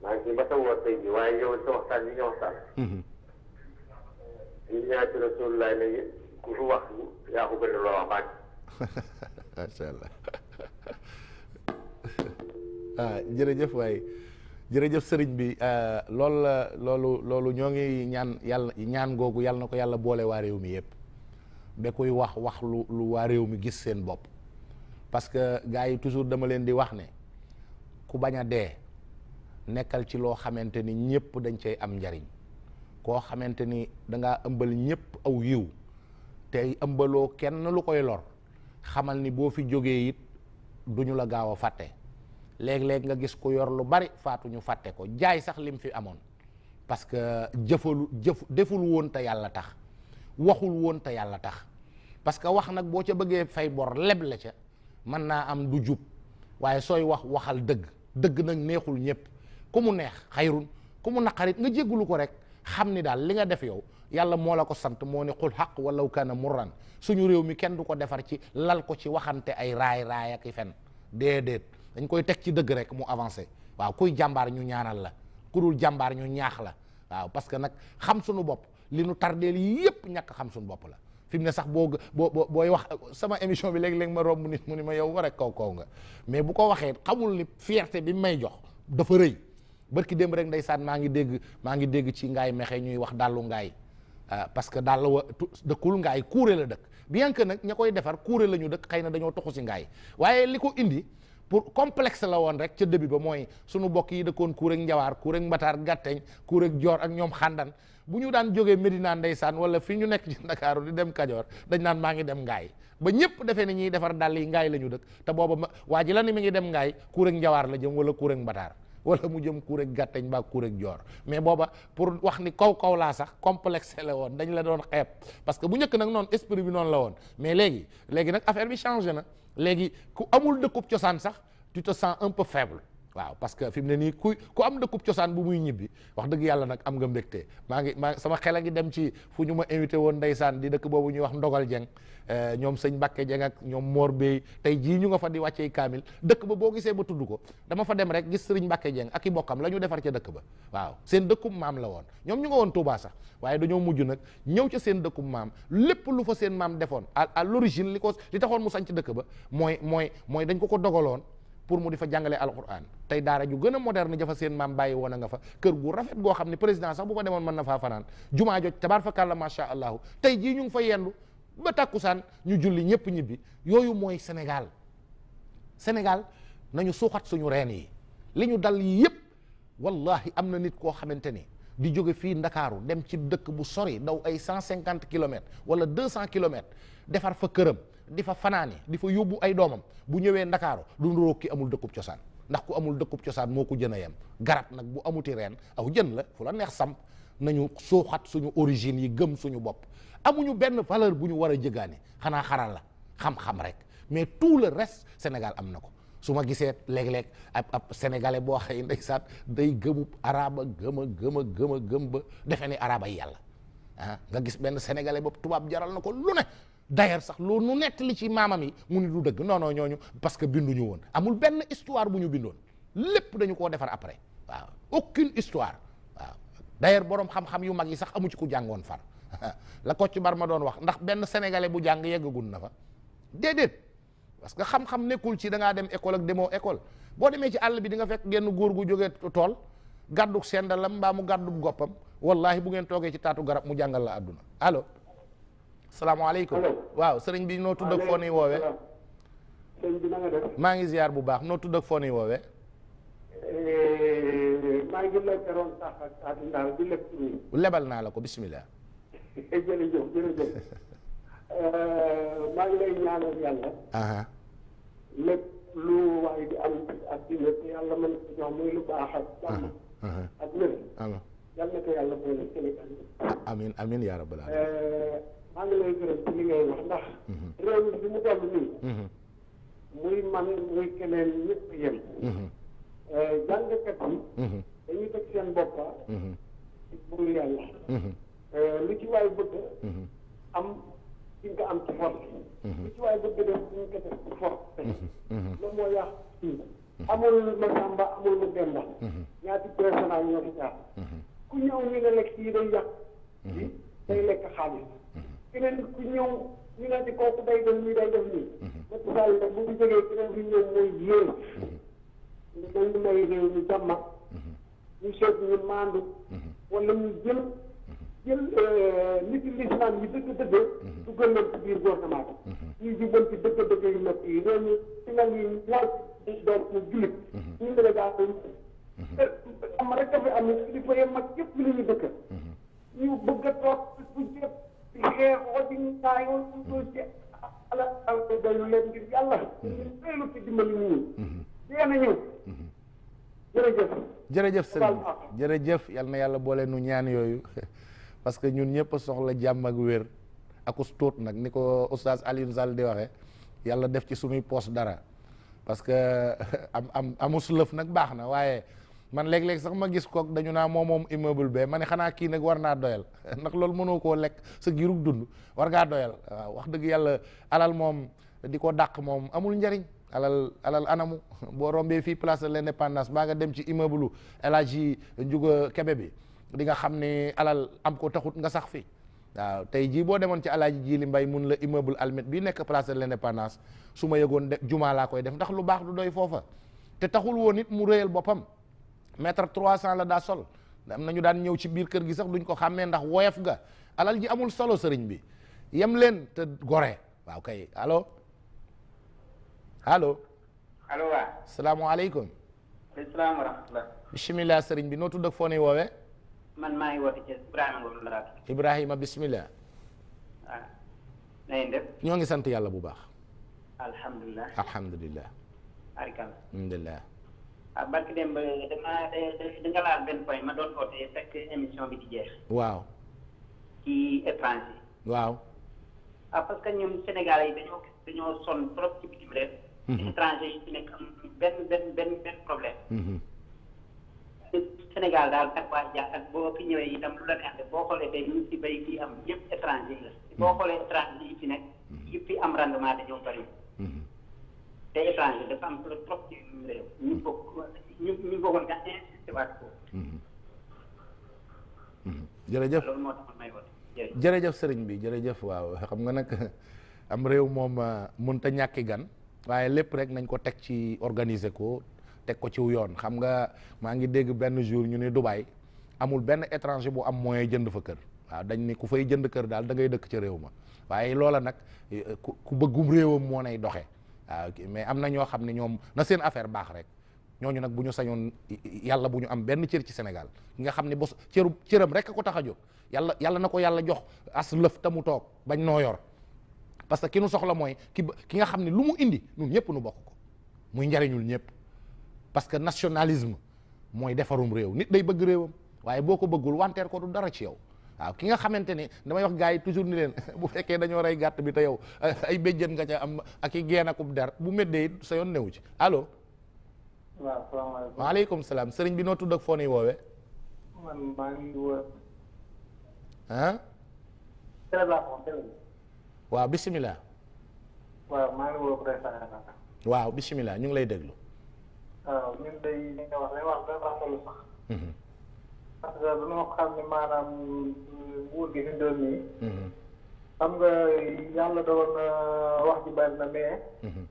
maa ngi ciy ma sa woon tey jii waaye yow sa waxtaan bi nga waxtaan. ñun mhm. ñaati Rasulullah ne ku fi wax yaa ko gën a loo wax bànq. [laughs] macha allah [laughs] ah jërëjëf waay. jërëjëf sëriñ bi euh, loolu la loolu loolu ñoo ngi ñaan yàlla ñaan googu yàlla na ko yàlla boole waa réew mi yëpp ba kuy wax wax lu lu waa réew mi gis seen bopp parce que gars yi toujours dama leen di wax ne ku bañ a dee nekkal ci loo xamante ni ñëpp dañ cay am njariñ koo xamante ni dangaa ëmbal ñëpp aw yiw te ëmbaloo kenn lu koy lor xamal ni boo fi jógee it duñu la gaaw a fàtte léeg-léeg nga gis ku yor lu bari faatu ñu fàtte ko jaay sax lim fi amoon parce que jëfalu jëf deful woon te yàlla tax waxul woon te yàlla tax parce que wax nag boo ca bëggee fay bor leb la ca mën naa am du jub waaye sooy wax waxal dëgg dëgg nag neexul ñépp ku mu neex xayrun ku mu naqarit nga jéggulu ko rek xam ni daal li nga def yow yàlla moo la ko sant moo ne xul xaq walaw kaana murran suñu réew mi kenn du ko defar ci lal ko ci waxante ay raay raay ak i fen dañ koy teg ci dëgg rek mu avancé waaw kuy jàmbaar ñu ñaanal la ku dul jàmbaar ñu ñaax la waaw parce que nag xam suñu bopp li nu tardeel yi yépp ñàkk xam suñu bopp la fi mu ne sax boo boo booy wax sama émission bi léeg-léeg ma romb nit mu ni ma yow war a kaw kaw nga mais bu ko waxee xamul ni fierté bi may jox dafa rëy barki démb rek ndeysaan maa ngi dégg maa ngi dégg ci ngaay mexe ñuy wax dàllu ngaay ah, parce que dàll wa dëkkul ngaay kuure la dëkk bien que nag ña koy defar kuure la ñu dëkk xëy na dañoo toxu si ngaay waaye li ko indi pour complexe la woon rek ca début ba mooy sunu bokk yi dëkkoon kuréeg njawaar kuréeg mbataar gàtteñ kuréeg joor ak ñoom xàndan bu ñu daan jógee Medina ndeysaan wala fi ñu nekk ci Ndakaaru di dem Kajoor dañ naan maa ngi dem ngaay ba ñëpp defee ni ñuy defar dàll yi ngaay la ñu dëkk te booba waa ji la ni mi ngi dem ngaay kuréeg njawaar la jëm wala kuréeg mbataar wala mu jëm kuréeg gàtteñ baa kuréeg joor mais booba pour wax ni kaw kaw laa sax complexe la woon dañ la doon xeeb parce que bu njëkk nag noonu esprit bi noonu la woon mais léegi léegi nag affaire bi changé na léegi ku amul dëkkub cosaan sax tu te un peu faible waaw parce que fi mu ne nii kuy ku am dëkkub cosaan bu muy ñibbi wax dëgg yàlla nag am nga mbégte maa ngi maa sama xel a ngi dem ci fu ñu ma invité woon ndeysaan di dëkk boobu ñuy wax ndogal jeng eh, ñoom sëñ Mbàkke jeng ñoom moor Bey tey jii ñu nga fa di wàccee kaamil dëkk ba boo gisee ba tudd ko dama fa dem rek gis sëriñ Mbàkke jeng ak i bokkam la ñu defar ca dëkk ba waaw seen dëkkub maam la woon ñoom ñu nga woon Touba sax waaye dañoo mujj nag ñëw ca seen dëkkub maam lépp lu fa seen maam defoon à l'origine li ko li taxoon mu sanc dëkk ba mooy mooy mooy dañ ko ko dogaloon pour mu di fa jàngale alquran tey daara ju gën a moderne jafa seen maam bàyyi woon nga fa kër gu rafet goo xam ne président sax bu fa demoon mën na faa fanaan jumaa joj tabaar fa kàlla macha allahu tey jii ñu ngi fa yendu ba saan ñu julli ñëpp ñibbi yooyu mooy Sénégal Sénégal nañu suuxat suñu reen yi li ñu dal yëpp wallahi am na nit koo xamante ni di jóge fii ndakaaru dem ci dëkk bu sori daw ay cent cinquante kilomètres wala deux cent kilomètres defar fa këram di fa fanaane di fa yóbbu ay doomam bu ñëwee ndakaaru du nuroog ki amul dëkkub cosaan ndax ku amul dëkkub cosaan moo ko jën a yem garab nag bu amuti reen aw jën la fu la neex samp nañu suuxat suñu origine yi gëm suñu bopp amuñu benn valeur bu ñu war a jëgaane xanaa xaral la xam-xam rek mais tout le reste Sénégal am na ko su ma gisee léeg-léeg ab ab sénégalais boo xëy ndeysaan day gëmub araba gëma gëma gëma gëm ba defe ni araba yi yàlla ah nga gis benn sénégalais boobu tubaab jaral na ko lu d'ailleurs sax loolu nu nettali ci maamam yi mu ni du dëgg noonoo non ñooñu parce que binduñu woon amul benn histoire bu ñu bindoon lépp dañu koo defar après waaw aucune histoire waaw d'ailleurs boroom xam-xam yu mag yi sax amu ci ku jàngoon far [laughs] la ko ci bar ma doon wax ndax benn sénégalais bu jàng yeggagul na fa déedéet parce que xam-xam nekkul ci dangaa dem école ak demoo école boo demee ci àll bi di nga fekk genn góor gu jógee tool gàdduk sendalam mbaa mu gàdduk goppam wallahi bu ngeen toogee ci taatu garab mu jàngal la àdduna allo salaamaaleykum waaw sëriñ bi noo tudd ak foo nii maa ngi ziar bu baax noo tudd ak foo eh, nii lebal naa la ko bisimilah. [laughs] jërëjëf jërëjëf eh, lu waay am ak di lépp yàlla mën ko jox muy lu baax ak jàmm ak yaa rabbal aalamiin. Eh, maa ngi lay gërëm ci li mhm. mu toll nii. Mhm. muy man muy keneen ñëpp yem. Mhm. Euh, jàngkat yi. dañuy teg seen boppa ah. buur yàlla. Euh, lu ci waay bëgg. am ci nga am ci force. lu ci waay bëgg def ñu ko def ci force. loolu moo yàq amul ma Samba amul ma Demba. ñaati personnel ñoo fi jaar. ku ñëw ñu ne lekk yi day yàq. day lekk xaalis. keneen ku ñëw ñu na ci kooku day def nii day def nii. Mm-hmm. Macky Sall nag bu ñu jógee keneen ku ñëw mooy yéen. ñu dañ ñu may réew mi jàmm mm-hmm. ñu seet ñu maandu. Mm-hmm. wala ñu jël jël euh, nit yi lislaam yi dëgg-dëgg. dugal leen ci biir gouvernement bi. ñuy jubal ci dëgg-dëgg yu métti yi ñooñu ci nag yi ñaar doon ñu jullit. ñu délégation yi. am rek dafay am kilifa yi mag yëpp li ñu dëkk. ñu bëgg a toog bu jëpp. jërëjëf jërëjëf sëriñ bi jërëjëf yal na yàlla boole nu ñaan yooyu [laughs] parce que ñun ñëpp soxla jàmm ak wér ak ustuut nag ni ko oustaz Alioune di waxe yàlla def ci suñuy poos dara parce que [laughs] am am amus lëf nag baax na waaye man léeg-léeg sax ma gis kook dañu naa moom moom immeuble bee ma ne xanaa kii nag war naa doyal [laughs] ndax loolu mënoo koo lekk sa girug dund war ngaa doyal waaw wax dëgg yàlla alal moom di ko dàq moom amul njariñ alal alal anamu [laughs] boo rombee fii place de l'indépendance baa nga dem ci immeuble El Hadji Ndiouga Kébé bi di nga xam ne alal am ko taxut nga sax fi waaw tey jii boo demoon ci alaaji ji li mbay mun la immeuble almet bi nekk place de l'indépendance su ma yëgoon jumaa laa koy def ndax lu baax du doy foofa mu rëyal boppam mètre trois cent la daa sol am ñu daan ñëw ci biir kër gi sax duñ ko xàmmee ndax woyof ga alal ji amul solo sëriñ bi yem leen te gore waaw kay allo allo allo waa salaamaaleykum sëriñ bi noo tudd ak foo maa ngi Ibrahima Ngom Ndaraatu Ibrahima bisimilah ah, ñoo ngi sant yàlla bu baax alhamdulilah alhamdulilah ah barki dem ba damaa da nga benn point ma doon oote fekk émission bi di jeex. waaw. ci étranger. waaw. Ah, parce que ñun Sénégalais yi dañoo dañoo sol trop ci bitim réew. Mhm. étranger yi ci nekk am benn benn benn benn problème. Mhm. Sénégal daal ak waa Dia ak boo fi ñëwee itam lu la neex boo xoolee tey ñu ci bay fii am yëpp étranger la. Mhm. boo xoolee étranger yi ci nekk. yëpp fi am rendement dañoo bari. Mhm. Mhm. jërëjëf jërëjëf sëriñ bi jërëjëf waaw xam nga nag [laughs] am réew moom ah, mënut a ñàkki gan waaye lépp rek nañ ko teg ci organiser ko teg ko ci yoon xam nga maa ngi dégg benn jour ñu ne Dubaï amul benn étranger bu am moyen jënd fa kër waaw dañ ni ku fay jënd kër daal da ngay dëkk ci réew ma waaye loola nag eh, ku bëggum réewam moo nay doxee. waaw ah, mais am na ñoo xam ne ñoom na seen affaire baax rek ñooñu nag bu ñu sañoon yàlla bu ñu am benn cër ci Sénégal nga xam ne bos cëru cëram rek ko tax a jóg yàlla yàlla na ko yàlla jox as lëf te mu toog bañ noo yor parce que ki nu soxla mooy ki ki nga xam ne lu mu indi ñun ñëpp nu bokk ko muy njariñul ñëpp parce que nationalisme mooy defarum réew nit day bëgg réewam waaye boo ko bëggul wanteer ko du dara ci yow waaw ki nga xamante ni damay wax gars yi toujours ni leen [laughs] bu fekkee dañoo rey gàtt bi te yow ay béjjën nga ca am ak i geen akub der bu méddee it sa yoon newu ci allo. waaw salaamaaleykum salaam sëriñ bi noo tudd ak waaw bisimilah. waaw maa ñu ngi lay déglu. parce que dañoo xam ne maanaam euh, nguur gi fi mu doon nii. Mhm. xam nga yàlla dogal na euh, wax ji bari na mais. Mhm.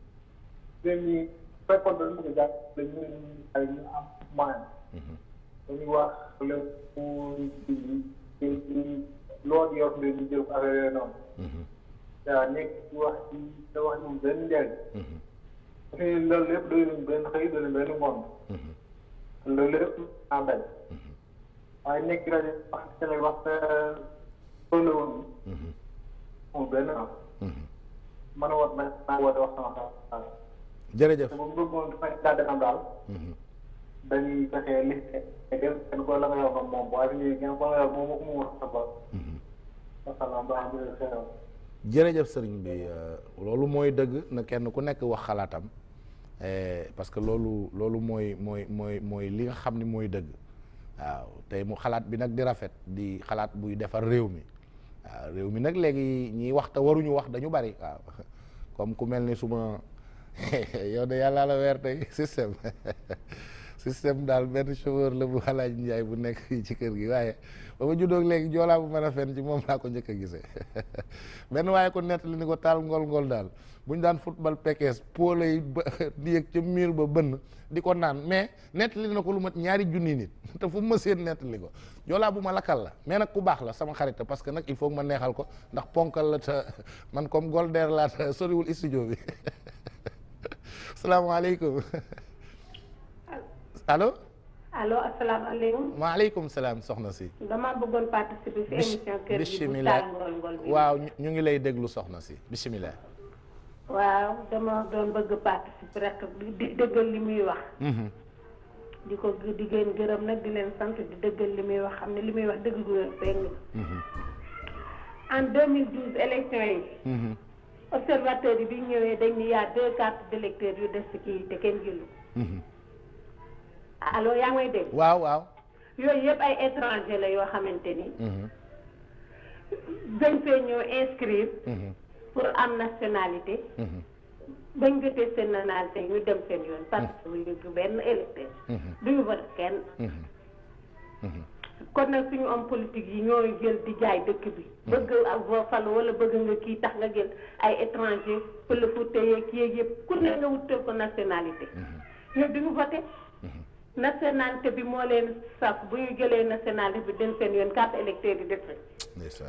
ñun ñi fekkoon dañu ko jàpp dañu ay ñu am moyen. Mhm. dañuy wax lépp loo di yor mbir mi jël affaire yooyu noonu. waaw nekk ci wax ci te wax ñu benn njëriñ. parce loolu lépp doy benn xëy doy nañu benn loolu lépp en waaye nekk rajo wax télé wax toll jërëjëf sëriñ bi euh, loolu mooy dëgg na kenn ku nekk wax xalaatam euh, parce que loolu loolu mooy mooy mooy mooy li nga xam ni mooy dëgg waaw tey mu xalaat bi nag di rafet di xalaat buy defar réew mi waaw réew mi nag léegi ñiy wax waruñu wax dañu bari waaw comme ku mel ni suma [laughs] yow de yàlla la weer tey système [laughs] système daal benn chauffeur la bu alaaj Njaay bu nekk fii ci kër gi waaye ba ma juddoo léegi joolaa bu ma a fen ci moom laa ko njëkk a gisee [laughs] benn waaye ko nettali ni ko taal ngool ngool daal bu ñu daan football pekees poole yi ba [laughs] di yëg ca miir ba bënn di ko naan mais nettali na ko lu mat ñaari junni nit [laughs] te fu ma seen nettali ko joolaa bu ma lakkal la mais nag ku baax la sama xarit parce que nag il faut ma neexal ko ndax ponkal la te man comme goldeer laa te soriwul bi allo. allo asalaamaaleykum. waaleykum salaam soxna si. dama bëggoon participer ci émission kër gi bu ngol ngol waaw ñu ngi lay déglu soxna si bisimilah. waaw dama doon bëgg participer rek di dëggal li muy wax. Mhm. di ko di gën gërëm nag di leen sant di dëggal li muy wax xam ne li muy wax dëgg gu wér feng. Mhm. en 2012 élection yi. Mhm. observateur yi bi ñëwee dañ ni y a deux yu des ci kii te kenn jëlu. allo yaa ngi may dégg. waaw waaw. yooyu yëpp ay étranger la yoo xamante ni. Mm-hmm. dañ fee ñëw inscrire. Mm-hmm. pour am nationalité. Mm-hmm. bañ jotee seen nationalité ñu dem seen yoon. parce que du benn électeur. duñu vote kenn. kon nag suñu homme politique yi ñooy jël di jaay dëkk bi. bëgg a fal wala bëgg nga kii tax nga jël ay étranger pël fu téye kii yëpp ku ne nga wutal ko nationalité. ñun duñu vote. nationalité bi moo leen sax bu ñu jëlee national nationalité bi dem seen yoon carte électeur di def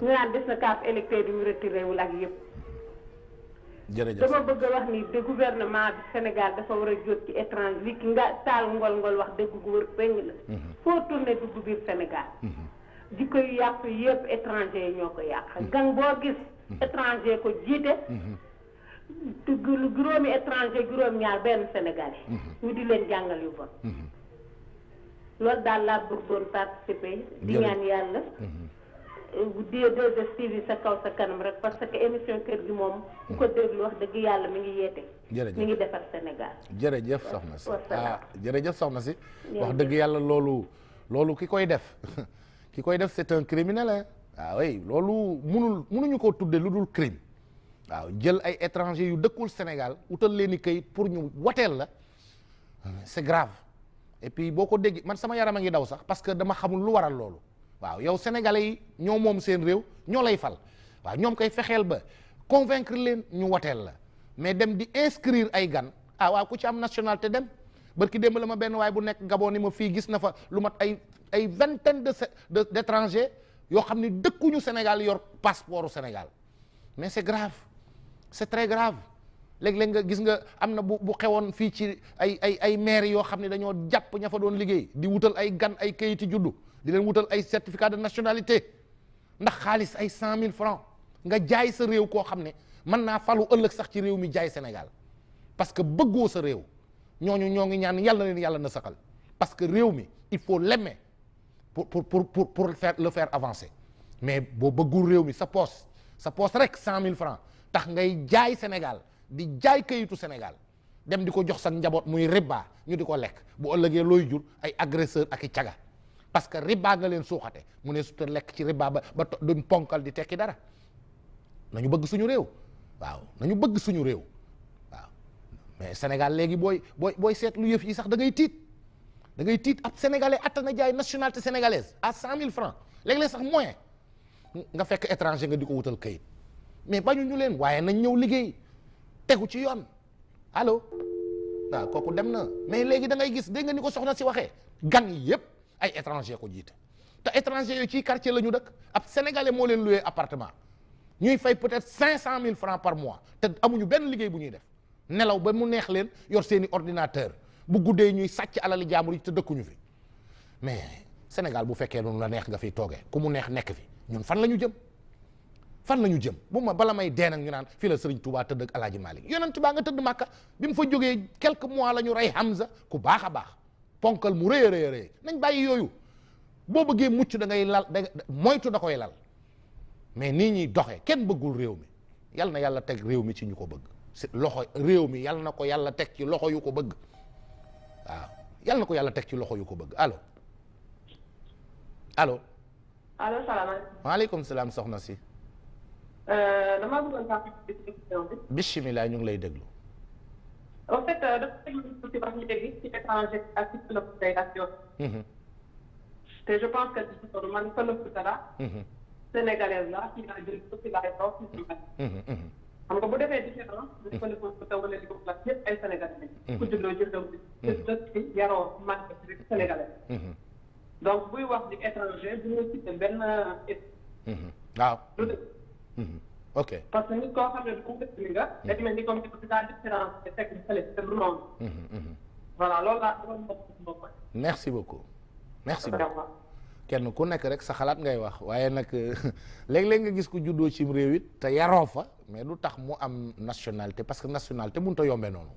ñu naan des na carte électeur di ñu retiré wul ak yëpp. jërëjëf dama bëgg a wax ni de gouvernement bi Sénégal dafa war a jóg ci étranger li ki nga taal ngol-ngol wax dëgg gu wër péng la. Mhm. foo tourné dugg biir Sénégal. Mhm. di koy yàq yëpp étranger ñoo ko yàq. Mhm. gang boo gis. étranger ko jiite. te juróomi étranger juróom ñaar benn sénégalais. ñu di leen jàngal yu bon. loolu daal laa bëggoon participer. di ñaan yàlla. bu dee 2STV sa kaw sa kanam rek parce que émission kër gi moom. bu ko mm-hmm. déglu wax dëgg yàlla mi ngi yeete. jërëjëf mi soxna si ah, wax dëgg yàlla loolu loolu ki koy def [laughs] ki koy def c'est un criminel hein. waaw ah oui loolu munul munuñu koo tuddee lu dul crime waaw jël ay étrangers yu dëkkul Sénégal utal leen i këyit pour ñu wateel la ah, c'est grave. et puis boo ko dégg man sama yaram a ngi daw sax parce que dama xamul lu waral loolu waaw yow sénégalais yi ñoo moom seen réew ñoo lay fal waaw ñoom koy fexeel ba convaincre leen ñu woteel la mais dem di inscrire ay gan ah ku ci am nationalité dem barki démb la ma benn waay bu nekk Gabon ni ma fii gis na fa lu mat ay ay vingtaine de de d'étrangers yoo xam ne dëkkuñu Sénégal yor passeport Sénégal mais c'est grave c'est très grave léeg-léeg nga gis nga am na bu bu xewoon fii ci ay ay ay maire yoo xam ne dañoo jàpp ña fa doon liggéey di wutal ay gan ay kayiti juddu di leen wutal ay certificat de nationalité ndax xaalis ay cent mille francs nga jaay sa réew koo xam ne mën naa falu ëllëg sax ci réew mi jaay Sénégal parce que bëggoo sa réew ñooñu ñoo ngi ñaan yàlla leen yàlla na saxal parce que réew mi il faut l'aimer pour pour pour pour pour faire le fair avancer mais boo bëggul réew mi sa poos sa poos rek cent mille francs tax ngay jaay Sénégal di jaay kayitu Sénégal dem di ko jox sa njaboot muy riba ñu di ko lekk bu ëllëgee looy jur ay agresseur ak i caga parce que riba nga leen suuxate mu ne suta lekk ci riba ba ba duñ ponkal di tekki dara nañu bëgg suñu réew waaw nañu bëgg suñu réew waaw mais Sénégal léegi booy booy booy seetlu yëf yi sax da ngay tiit da ngay tiit ab sénégalais attan na jaay nationalité sénégalaise à cent mille francs léeg-léeg sax moyen nga fekk étranger nga di ko wutal kayit mais bañu leen waaye nañ ñëw liggéey tegu ci yoon allo waaw kooku dem na mais léegi da ngay gis dégg nga ni ko soxna si waxee gan yi yëpp ay étranger ko jiite te étranger yooyu ci quartier la ñu dëkk ab sénégalais moo leen loué appartement ñuy fay peut-être cinq cent mille francs par mois te amuñu benn liggéey bu ñuy def nelaw ba mu neex leen yor seeni ordinateur bu guddee ñuy sàcc alali jaamur yi te dëkkuñu fi mais Sénégal bu fekkee noonu la neex nga fiy toogee ku mu neex nekk fi ñun fan la ñu jëm fan la ñu jëm bu ma bala may dee nag ñu naan fii la Serigne Touba tëdd ak Alaaji Malik yonent baa nga tëdd Màkka bi mu fa jógee quelques mois la ñu rey Hamza ku baax a baax ponkal mu rëy a nañ bàyyi yooyu boo bëggee mucc da ngay lal da moytu da koy lal mais nii ñuy doxee kenn bëggul réew mi yal na yàlla teg réew mi ci ñu ko bëgg loxo réew mi yal na ko yàlla teg ci loxo yu ko bëgg waaw yal na ko yàlla teg ci loxo yu ko bëgg allo allo. allo salaam soxna si. Euh, damaa bëggoon participer bisimilah ñu ngi lay déglu. en fait euh, dafa ñu ci wax léegi ci étranger ak ci colonisation. Mhm. te je pense que ci loolu man colonisation. Mhm. sénégalaise la ci laa jël ci laa yor ci mhm, xam nga bu defee différence. dafa nekk foofu wala li ko place yëpp ay sénégalais lañ. ku juddoo juddoo donc buy wax di étranger bu ñu cité benn. waaw. Euh, ah. Mm-hmm. ok parce que mm-hmm. mm-hmm, merci beaucoup. merci beaucoup kenn ku nekk rek sa xalaat ngay wax waaye nag euh, [laughs] léeg-léeg nga gis ku juddoo cim réew it te yaroo fa mais du tax mu am nationalité parce que nationalité mënut a yombe noonu.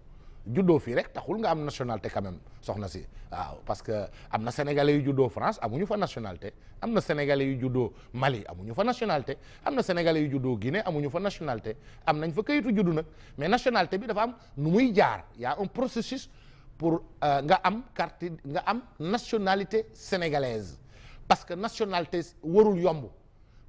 juddoo fii rek taxul nga am nationalité quand soxna si waaw parce que am na sénégalais yu juddoo France amuñu fa nationalité am na sénégalais yu juddoo Mali amuñu fa nationalité am na sénégalais yu juddoo Guinée amuñu fa nationalité am nañ fa kayitu juddu nag mais nationalité bi dafa am nu jaar y un processus pour euh, nga am carte nga am nationalité sénégalaise parce que nationalité warul yomb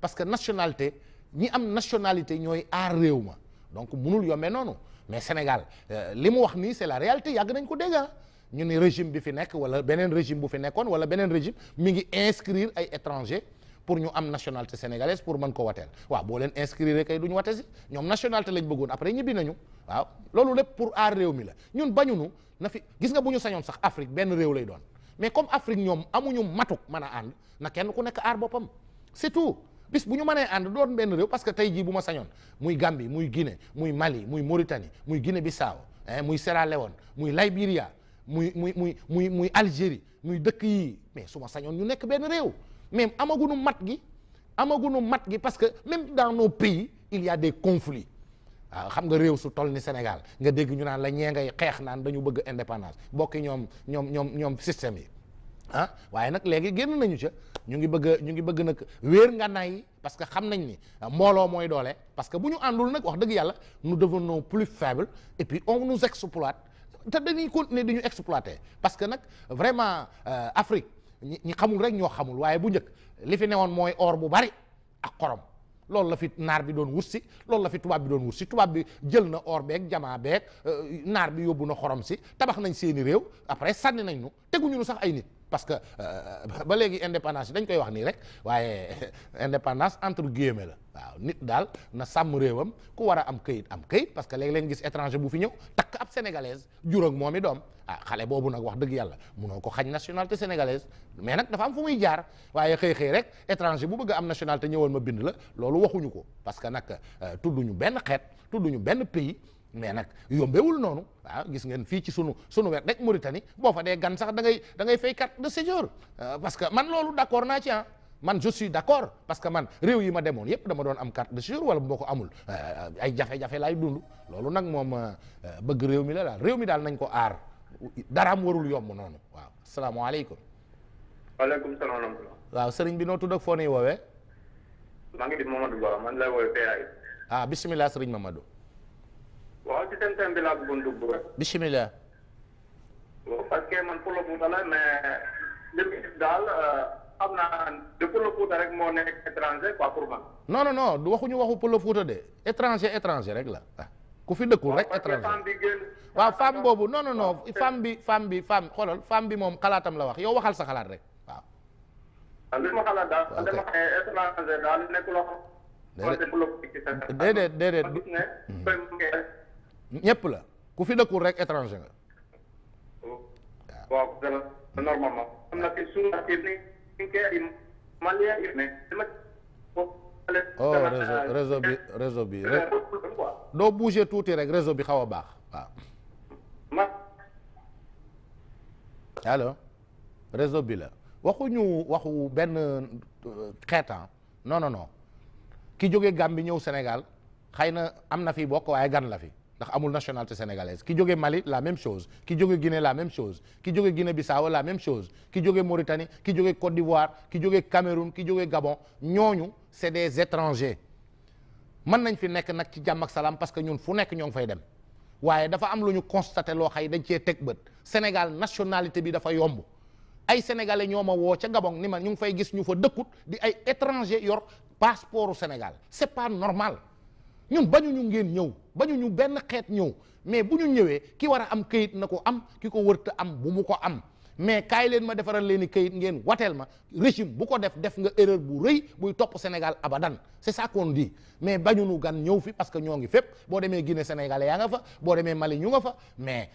parce que nationalité ñi am nationalité ñooy aar réew ma donc munul yombee noonu. mais Sénégal euh, li mu wax nii c'est la réalité yàgg nañ ko dégg ah. ñu ni régime bi fi nekk wala beneen régime bu fi nekkoon wala beneen régime mi ngi inscrire ay étrangers pour ñu am nationalité sénégalaise pour mën ko wateel waaw boo leen inscrire kay du ñu wate ñoom nationalité lañ bëggoon après ñibbi nañu waaw loolu lépp pour aar réew mi la ñun bañunu na fi gis nga bu ñu sañoon sax Afrique benn réew lay doon mais comme Afrique ñoom amuñu matuk mën a ànd na kenn ku nekk aar boppam c'est tout bis bu ñu manee ànd doon benn réew parce que tey jii bu ma sañoon muy Gambie muy Guinée muy Mali muy Mauritanie muy Guinée Bissau muy Sierra Leone muy Liberia muy muy muy muy muy Algérie muy dëkk yi mais su ma sañoon ñu nekk benn réew mais amagunu mat gi amagunu mat gi parce que même dans nos pays il y a des conflits waaw ah, xam nga réew su toll ni Sénégal nga dégg ñu naan la ñee ngay xeex naan dañu bëgg indépendance bokki ñoom ñoom ñoom ñoom système yi ah waaye nag léegi génn nañu ca ñu ngi bëgg ñu ngi bëgg nag wéer ngànnaay yi parce que xam nañ ni euh, mbooloo mooy doole parce que bu ñu àndul nag wax dëgg yàlla nous devenons plus faibles et puis on nous exploite te dañuy continuer di ñu exploiter parce que nag vraiment euh, Afrique ñi xamul rek ñoo xamul waaye bu njëkk li fi ne woon mooy or bu bari ak xorom loolu la fi naar bi doon wut si loolu la fi tubaab bi doon wut si tubaab bi jël na or beek jamaa beeg euh, naar bi yóbbu na xorom si tabax nañ seeni réew après sànni nañ ñu teguñu nu sax ay nit. parce que euh, ba léegi indépendance yi dañ koy wax nii rek waaye [laughs] indépendance entre guillemets la waaw nit daal na sàmm réewam ku war a am këyit am këyit parce que léegi leen gis étranger bu fi ñëw takk ab sénégalaise jur moom i doom ah, xale boobu nag wax dëgg yàlla munoo ko xañ nationalité sénégalaise mais nag dafa am fu muy jaar waaye xëy xëy rek étranger bu bëgg a am nationalité ñëwoon ma bind la loolu waxuñu ko parce que nag euh, tudduñu benn xeet tudduñu benn pays mais nag yombewul noonu ah gis ngeen fii ci sunu sunu wet rek Mauritanie boo fa dee gan sax da ngay da ngay fay carte de séjour euh, parce que man loolu d'accord naa ci ah man je suis d'accord parce que man réew yi ma demoon yépp dama doon am carte de séjour wala boo ko amul euh, ay jafe-jafe laay dund loolu nag moom euh, bëgg réew mi la daal réew mi daal nañ ko aar daraam warul yomb noonu waaw asalaamaaleykum. waaleykum waaw sëriñ bi noo tudd ak foo nii woowee. maa ngi di Mamadou Ba man lay woowee PAI. Ah, waaw ci seen bi laa bëggoon dugg rek. bisimilah. waaw parce que man pour le Fouta la mais li mu daal euh, rek waxuñu waxu pour le Fouta de étranger étranger rek la ah, ku fi dëkkul rek. étranger waaw femme boobu non non non bi femme bi femme xoolal bi moom xalaatam la wax yow waxal sa xalaat rek waaw. waaw ah, li ma xalaat daal dama xam ne étranger daal nekkul loo xam. déedéet déedéet déedéet. ñëpp la ku fi dëkkul rek étranger nga. waaw oh, réseau réseau bi réseau bi rek doo bouger tuuti rek réseau bi xaw a baax waaw. allo réseau bi la waxuñu waxu benn euh, xeetan ah. non non non ki jógee Gambie ñëw Sénégal xëy na am na fi bokk waaye gan la fi. ndax amul nationalité sénégalaise ki jóge Mali la même chose ki jóge Guinée la même chose ki jóge Guinée-Bissau la même chose ki jóge Mauritanie ki jóge Côte d'Ivoire ki jóge Cameroun ki jóge Gabon ñooñu c'est des étrangers mën nañ fi nekk nag ci jàmm ak parce que ñun fu nekk ñoo ngi fay dem dafa am lu ñu constaté loo xay dañ cee teg bët Sénégal nationalité bi dafa yomb ay sénégalais ñoo ma woo ca Gabon ni ma ñu ngi fay gis ñu fa dëkkut di ay étranger yor passeport Sénégal c'est pas normal ñun bañuñu ngeen ñëw bañuñu benn xeet ñëw mais bu ñu ñëwee ki war a am kayit na ko am ki ko wërta am bu mu ko am mais kaay leen ma defaral leen i këyit ngeen wateel ma régime bu ko def def nga erreur bu rëy buy topp Sénégal abadan c'est ça qu'on dit mais bañunu gan ñëw fi parce que ñoo ngi fépp boo demee Guinée sénégalais yaa nga fa boo demee Mali ñu nga fa mais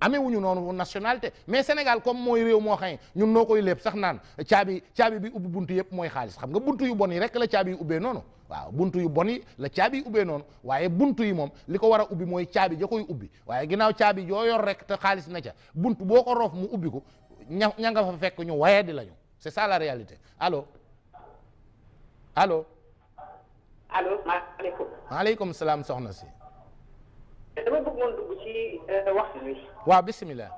amewuñu noonu nationalité mais Sénégal comme mooy réew moo xam ñun noo koy lépp sax naan caabi caabi bi ubbi buntu yëpp mooy xaalis xam nga buntu yu bon yi rek la caabi yi ubbee noonu waaw buntu yu bon yi la caabi yi ubbee noonu waaye buntu yi moom li ko war a ubbi mooy caabi ja koy ubbi waaye ginnaaw caabi joo yor rek te xaalis na ca buntu boo ko roof mu ubbi ko ña ña fa fekk ñu waye di lañu c'est ça salaam soxna si. dama euh, bisimilah.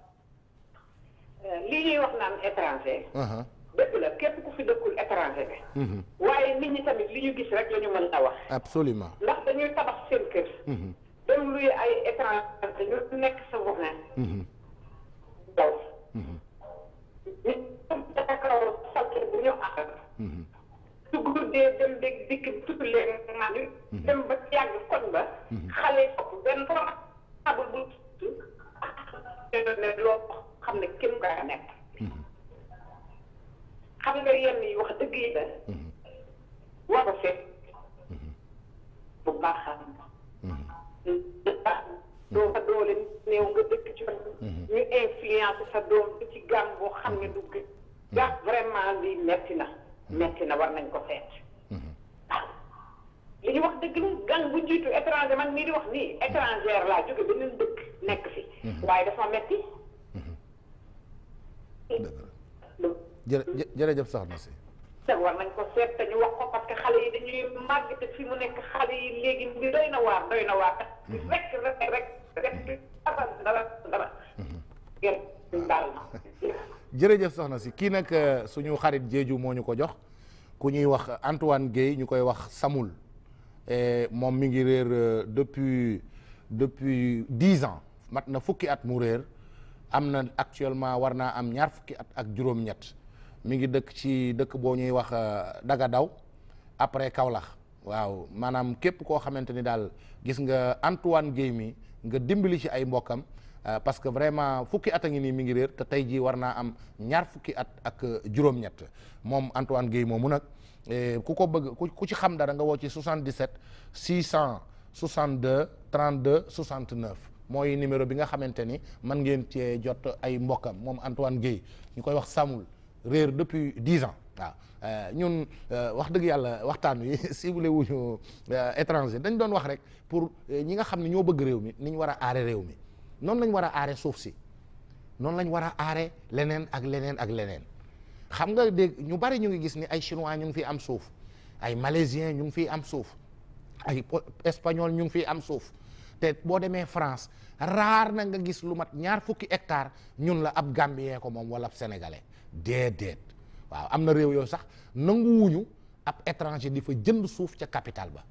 Euh, wax naan étranger. Uh-huh. dëgg la képp ku fi dëkkul étranger bi mhm. waaye nit ñi tamit li ñu gis rek la ñu mën a wax absolument ndax dañuy tabax seen kër mhm. dem luy ay étranger ñu nekk sa voisin daw ñu kaw salte bu ñu mhm. dem dégg dikk tudd leen naan dem ba yàgg koñ ba xale fopp benn portable bu ne xam ne kenn kaa nekk xam nga yenn yi wax dëgg yi la war a fekk bu baax a mhm. doo fa doole néew nga dëkk ci mhm. ñu influence sa doom ci gàm boo xam ne mhm. dugg ga vraiment lii metti na metti na war nañ ko seet li ñu wax dëgg la gang bu jiitu étranger man mii di wax nii étrangère laa jóge beneen dëkk nekk fi waaye dafa metti jërë jërëjëf soxna si. te nekk jërëjëf soxna si kii nag euh, suñu xarit jeeju moo ñu ko jox ku ñuy wax Antoine Guèye ñu koy wax Samul moom mi ngi réer euh, depuis depuis dix ans mat na fukki at mu réer am na actuellement war naa am ñaar fukki at ak juróom-ñett. mi ngi dëkk ci dëkk boo ñuy wax euh, Dagadaw après Kaolack waaw maanaam képp koo xamante ni daal gis nga Antoine Guèye mi nga dimbali ci ay mbokkam euh, parce que vraiment fukki at a ngi nii mi ngi réer te tey jii war naa am ñaar fukki at ak euh, juróom-ñett moom Antoine Guèye moomu nag eh, ku ko bëgg ku ci xam dara nga woo ci 77 662 32 69 mooy numéro bi nga xamante ni man ngeen cee jot ay mbokkam moom Antoine Guèye ñu koy wax sàmmul réer depuis dix ans waaw euh, ñun euh, wax dëgg yàlla waxtaan wi [laughs] ciblé wuñu euh, étranger dañ doon wax rek pour ñi nga xam ne ñoo bëgg réew mi ni ñu war a aare réew mi noonu lañ war a aare suuf si noonu lañ war a aare leneen ak leneen ak leneen xam nga dégg ñu bari ñu ngi gis ni ay chinois ñu ngi fi am suuf ay malaisien ñu ngi fi am suuf ay espagnol ñu ngi fi am suuf te boo demee France raar na nga gis lu mat ñaar fukki hectare ñun la ab Gambien ko moom wala ab sénégalais déedéet waaw am na réew yoo sax nanguwuñu ab étranger di fa jënd suuf ca capital ba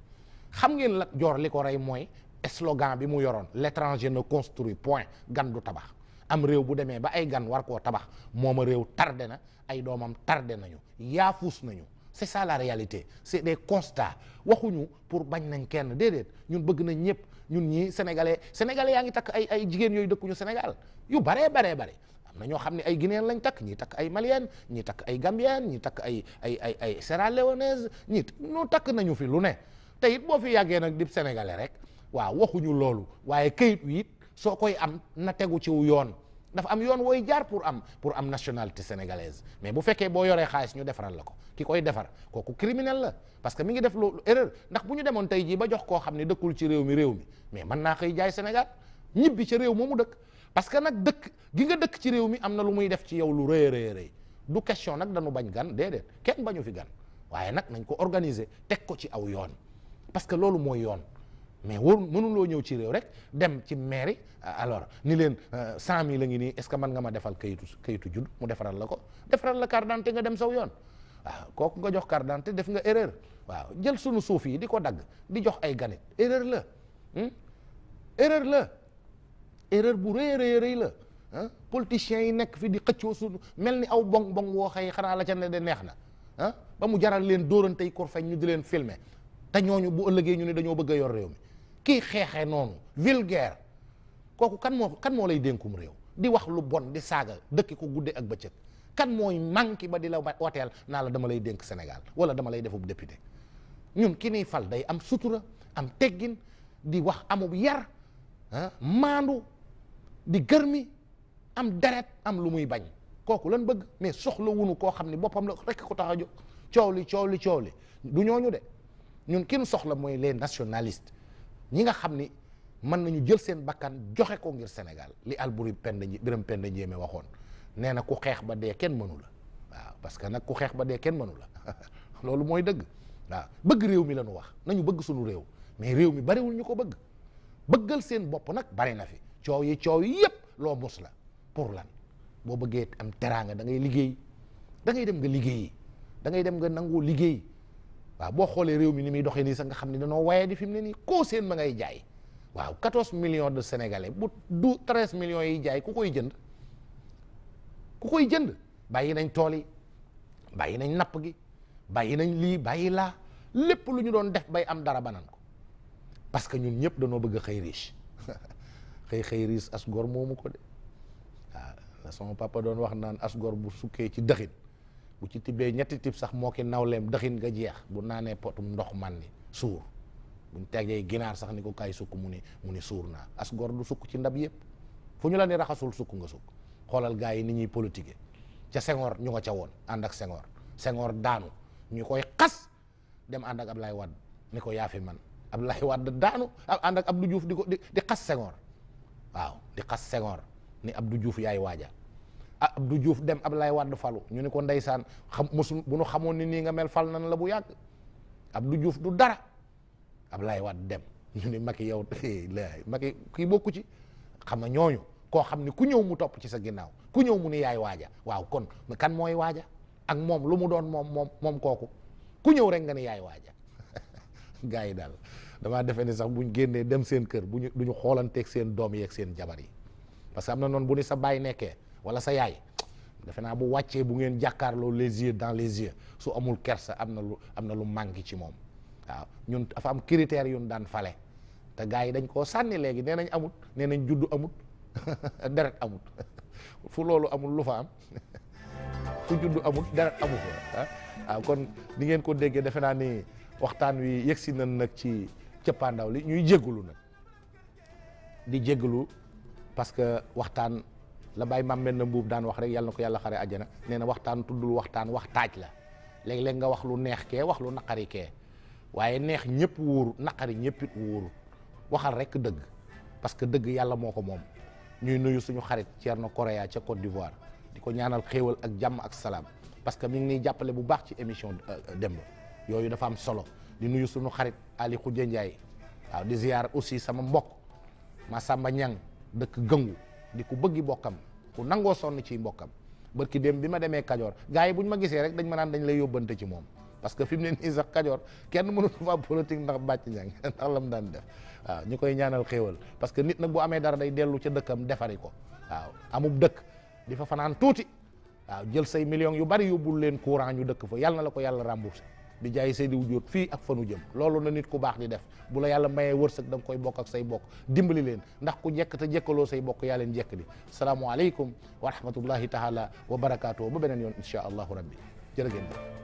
xam ngeen la Joor li ko rey mooy slogan bi mu yoroon l'étranger na construit point gan du tabax am réew bu demee ba ay gan war koo tabax moom a réew tardé na ay doomam tardé nañu yaa yaafuus nañu c'est ça la réalité c'est des constats waxuñu pour bañ nañ kenn déedéet ñun bëgg nañ ñëpp ñun ñii sénégalais sénégalais yaa ngi takk ay ay jigéen yooyu dëkkuñu Sénégal yu baree baree bare na ñoo xam ne ay guinéen lañ takk ñii takk ay malienne ñii takk ay gambienne ñii takk ay ay ay ay sierra léonaise ñii ñu takk nañu fi lu ne te it boo fi yàggee nag dib sénégalais rek waaw waxuñu loolu waaye këyit wi it soo koy am na tegu ci wu yoon dafa am yoon wooy jaar pour am pour am nationalité sénégalaise mais bu fekkee boo yoree xaalis ñu defaral la ko ki koy defar kooku criminel la parce que mi ngi def loolu erreur ndax bu ñu demoon tey jii ba jox koo xam ne dëkkul ci réew mi réew mi mais mën naa koy jaay Sénégal ñibbi ci réew moomu dëkk parce que nag dëkk gi nga dëkk ci réew mi am na lu muy def ci yow lu rëy rëy rëy du question nag dañu bañ gan déedéet kenn bañu fi gan waaye nag nañ ko organiser teg ko ci aw yoon parce que loolu mooy yoon mais war mënuloo ñëw ci réew rek dem ci mairie alors ni leen euh, cent mille la ngi nii est ce que mën nga ma defal kayitu kayitu judd mu defaral la ko defaral la carte d'identité nga dem saw yoon waaw kooku nga jox carte d'identité def nga erreur waaw jël sunu suuf yi di ko dagg di jox ay ganit la erreur la hmm? erreur bu rëy rëy rëy la ah politiciens yi nekk fi di xëccoo suñu mel ni aw bong bong woo xëy xanaa la ca ne de neex na ah ba mu jaral leen dóorantey kor feñ ñu di leen filmer te ñooñu bu ëllëgee ñu ne dañoo bëgg a yor réew mi kii xeexee noonu vulgaire kooku kan moo kan moo lay dénkum réew di wax lu bon di saaga dëkk ko guddee ak bëccëg kan mooy manqué ba di la wateel naa la dama lay dénk Sénégal wala dama lay defub député ñun ki niy fal day am sutura am teggin di wax amub yar ah di gërmi am deret am lu muy bañ kooku lan bëgg mais soxla koo xam ni boppam la rekk ko tax a jóg coow li coow li coow li du ñooñu de ñun kenn soxla mooy les nationalistes ñi nga xam ni mën nañu jël seen bakkan joxe ko ngir Sénégal li Alboury Penda Birame Penda Ndiémé waxoon nee na ku xeex ba dee kenn mënu la waaw parce que nag ku xeex ba dee kenn mënu la [laughs] loolu mooy dëgg waaw bëgg réew mi la wax nañu bëgg suñu réew mais réew mi bariwul ñu ko bëgg bëggal seen bopp nag bari na fi coow yi coow yi loo mos la pour lan boo bëggee am teraanga da ngay liggéey da dem nga liggéey da ngay dem nga nangoo liggéey waaw boo xoolee réew mi ni muy doxee nii sax nga xam ne danoo waye di fi mu ne nii koo seen ma ngay jaay waaw 14 millions de sénégalais bu du 13 millions yi jaay ku koy jënd ku koy jënd bàyyi nañ tool yi bàyyi nañ napp gi bàyyi nañ lii bàyyi laa lépp lu ñu doon def bay am dara banan ko parce que ñun ñëpp dañoo bëgg a xëy [laughs] xëy xëy riis asgor moomu ko de waaw la sama papa doon wax naan as gor bu sukkee ci dëxin bu ci tibbee ñetti tib sax moo ki nawleem dëxin nga jeex bu naanee potum ndox man ni suur buñ tegee ginaar sax ni ko kaay sukk mu ni mu ni suur naa as gor du sukk ci ndab yëpp fu ñu la ni raxasul sukk nga sukk xoolal gaa yi ni ñuy politique ca Senghor ñu nga ca woon ànd ak Senghor Senghor daanu ñu koy xas dem ànd ak lay Wade ni ko yaa fi man Ablaye Wade daanu ànd ak Abdou Diouf di ko di xas waaw di xas Senghor ni ab du juuf yaay waaja ah, du juuf dem Abdoulaye Wade falu ñu ni ko ndeysaan xam mosul bu nu xamoon ni nii nga mel fal nan la bu yàgg Abdou juuf du dara lay Wade dem ñu ni Macky yow laay [laughs] eh, Macky kii bokku ci xam nga ñooñu koo xam ni ku ñëw mu topp ci sa ginnaaw ku ñëw mu ni yaay waaja waaw kon kan mooy waaja ak moom lu mu doon moom moom moom kooku ku ñëw rek nga ni yaay waaja [laughs] gaa yi daal damaa defee ni sax bu buñ génnee dem seen kër buñu du ñu xoolanteeg seen doom yeeg seen jabar yi parce que am na noonu bu ni sa baay nekkee wala sa yaay defe naa bu wàccee bu ngeen jàkkaarloo les yeux dans les yeux su amul kersa am na lu am na lu manqué ci moom waaw ñun dafa am critères yu ñu daan fale te gars yi dañ koo sànni léegi nee nañ amut nee nañ juddu amut [laughs] deret amut fu loolu amul lu fa am [laughs] fu juddu amul deret amul ah waaw ah, kon ni ngeen ko déggee defe naa ni waxtaan wi yegsi nañ nag ci cëppaandaw li ñuy jégalu nag di jégalu parce que waxtaan la bàyyi maam benn mbuub daan wax rek yàlla ko yàlla xare àjjana nee na waxtaan tuddul waxtaan wax taaj la léeg-léeg nga wax lu neex kee wax lu naqari kee waaye neex ñëpp wóoru naqari ñëpp it waxal rek dëgg parce que dëgg yàlla moo ko moom ñuy nuyu suñu xarit Thierno Correa ca Côte d'Ivoire di ko ñaanal xéewal ak jàmm ak salaam parce que mi ngi niy jàppale bu baax ci émission euh, dem yooyu dafa am solo di nuyu suñu xarit Ali Khoudia Ndiaye waaw di ziar aussi sama mbokk Massamba Niang dëkk gëngu di ku bëggi bokkam ku nangoo sonn ci mbokkam barki dem bi ma demee Kajoor gars yi bu ñu ma gisee rek dañ ma naan dañ lay yóbbante ci moom parce que fi mu ne nii sax Kajoor kenn mënut fa politique ndax bàcc ñang [laughs] ndax la mu daan def waaw ñu koy ñaanal xéewal parce que nit nag bu amee dara day dellu ca dëkkam defari ko waaw amub dëkk di fa fanaan tuuti waaw jël say millions yu bari yóbbul leen courant ñu dëkk fa yàlla la ko yàlla remboursé di jaay say diw jóot fii ak fanu jëm loolu na nit ku baax di def bu la yàlla mayee wërsëg da nga koy bokk ak say bokk dimbali leen ndax ku jekk te jekkaloo say bokk yaa leen jekk di salaamaaleykum wa rahmatullahi taala wa barakaatu ba beneen yoon incha allahu rabbi jërëgéen jëf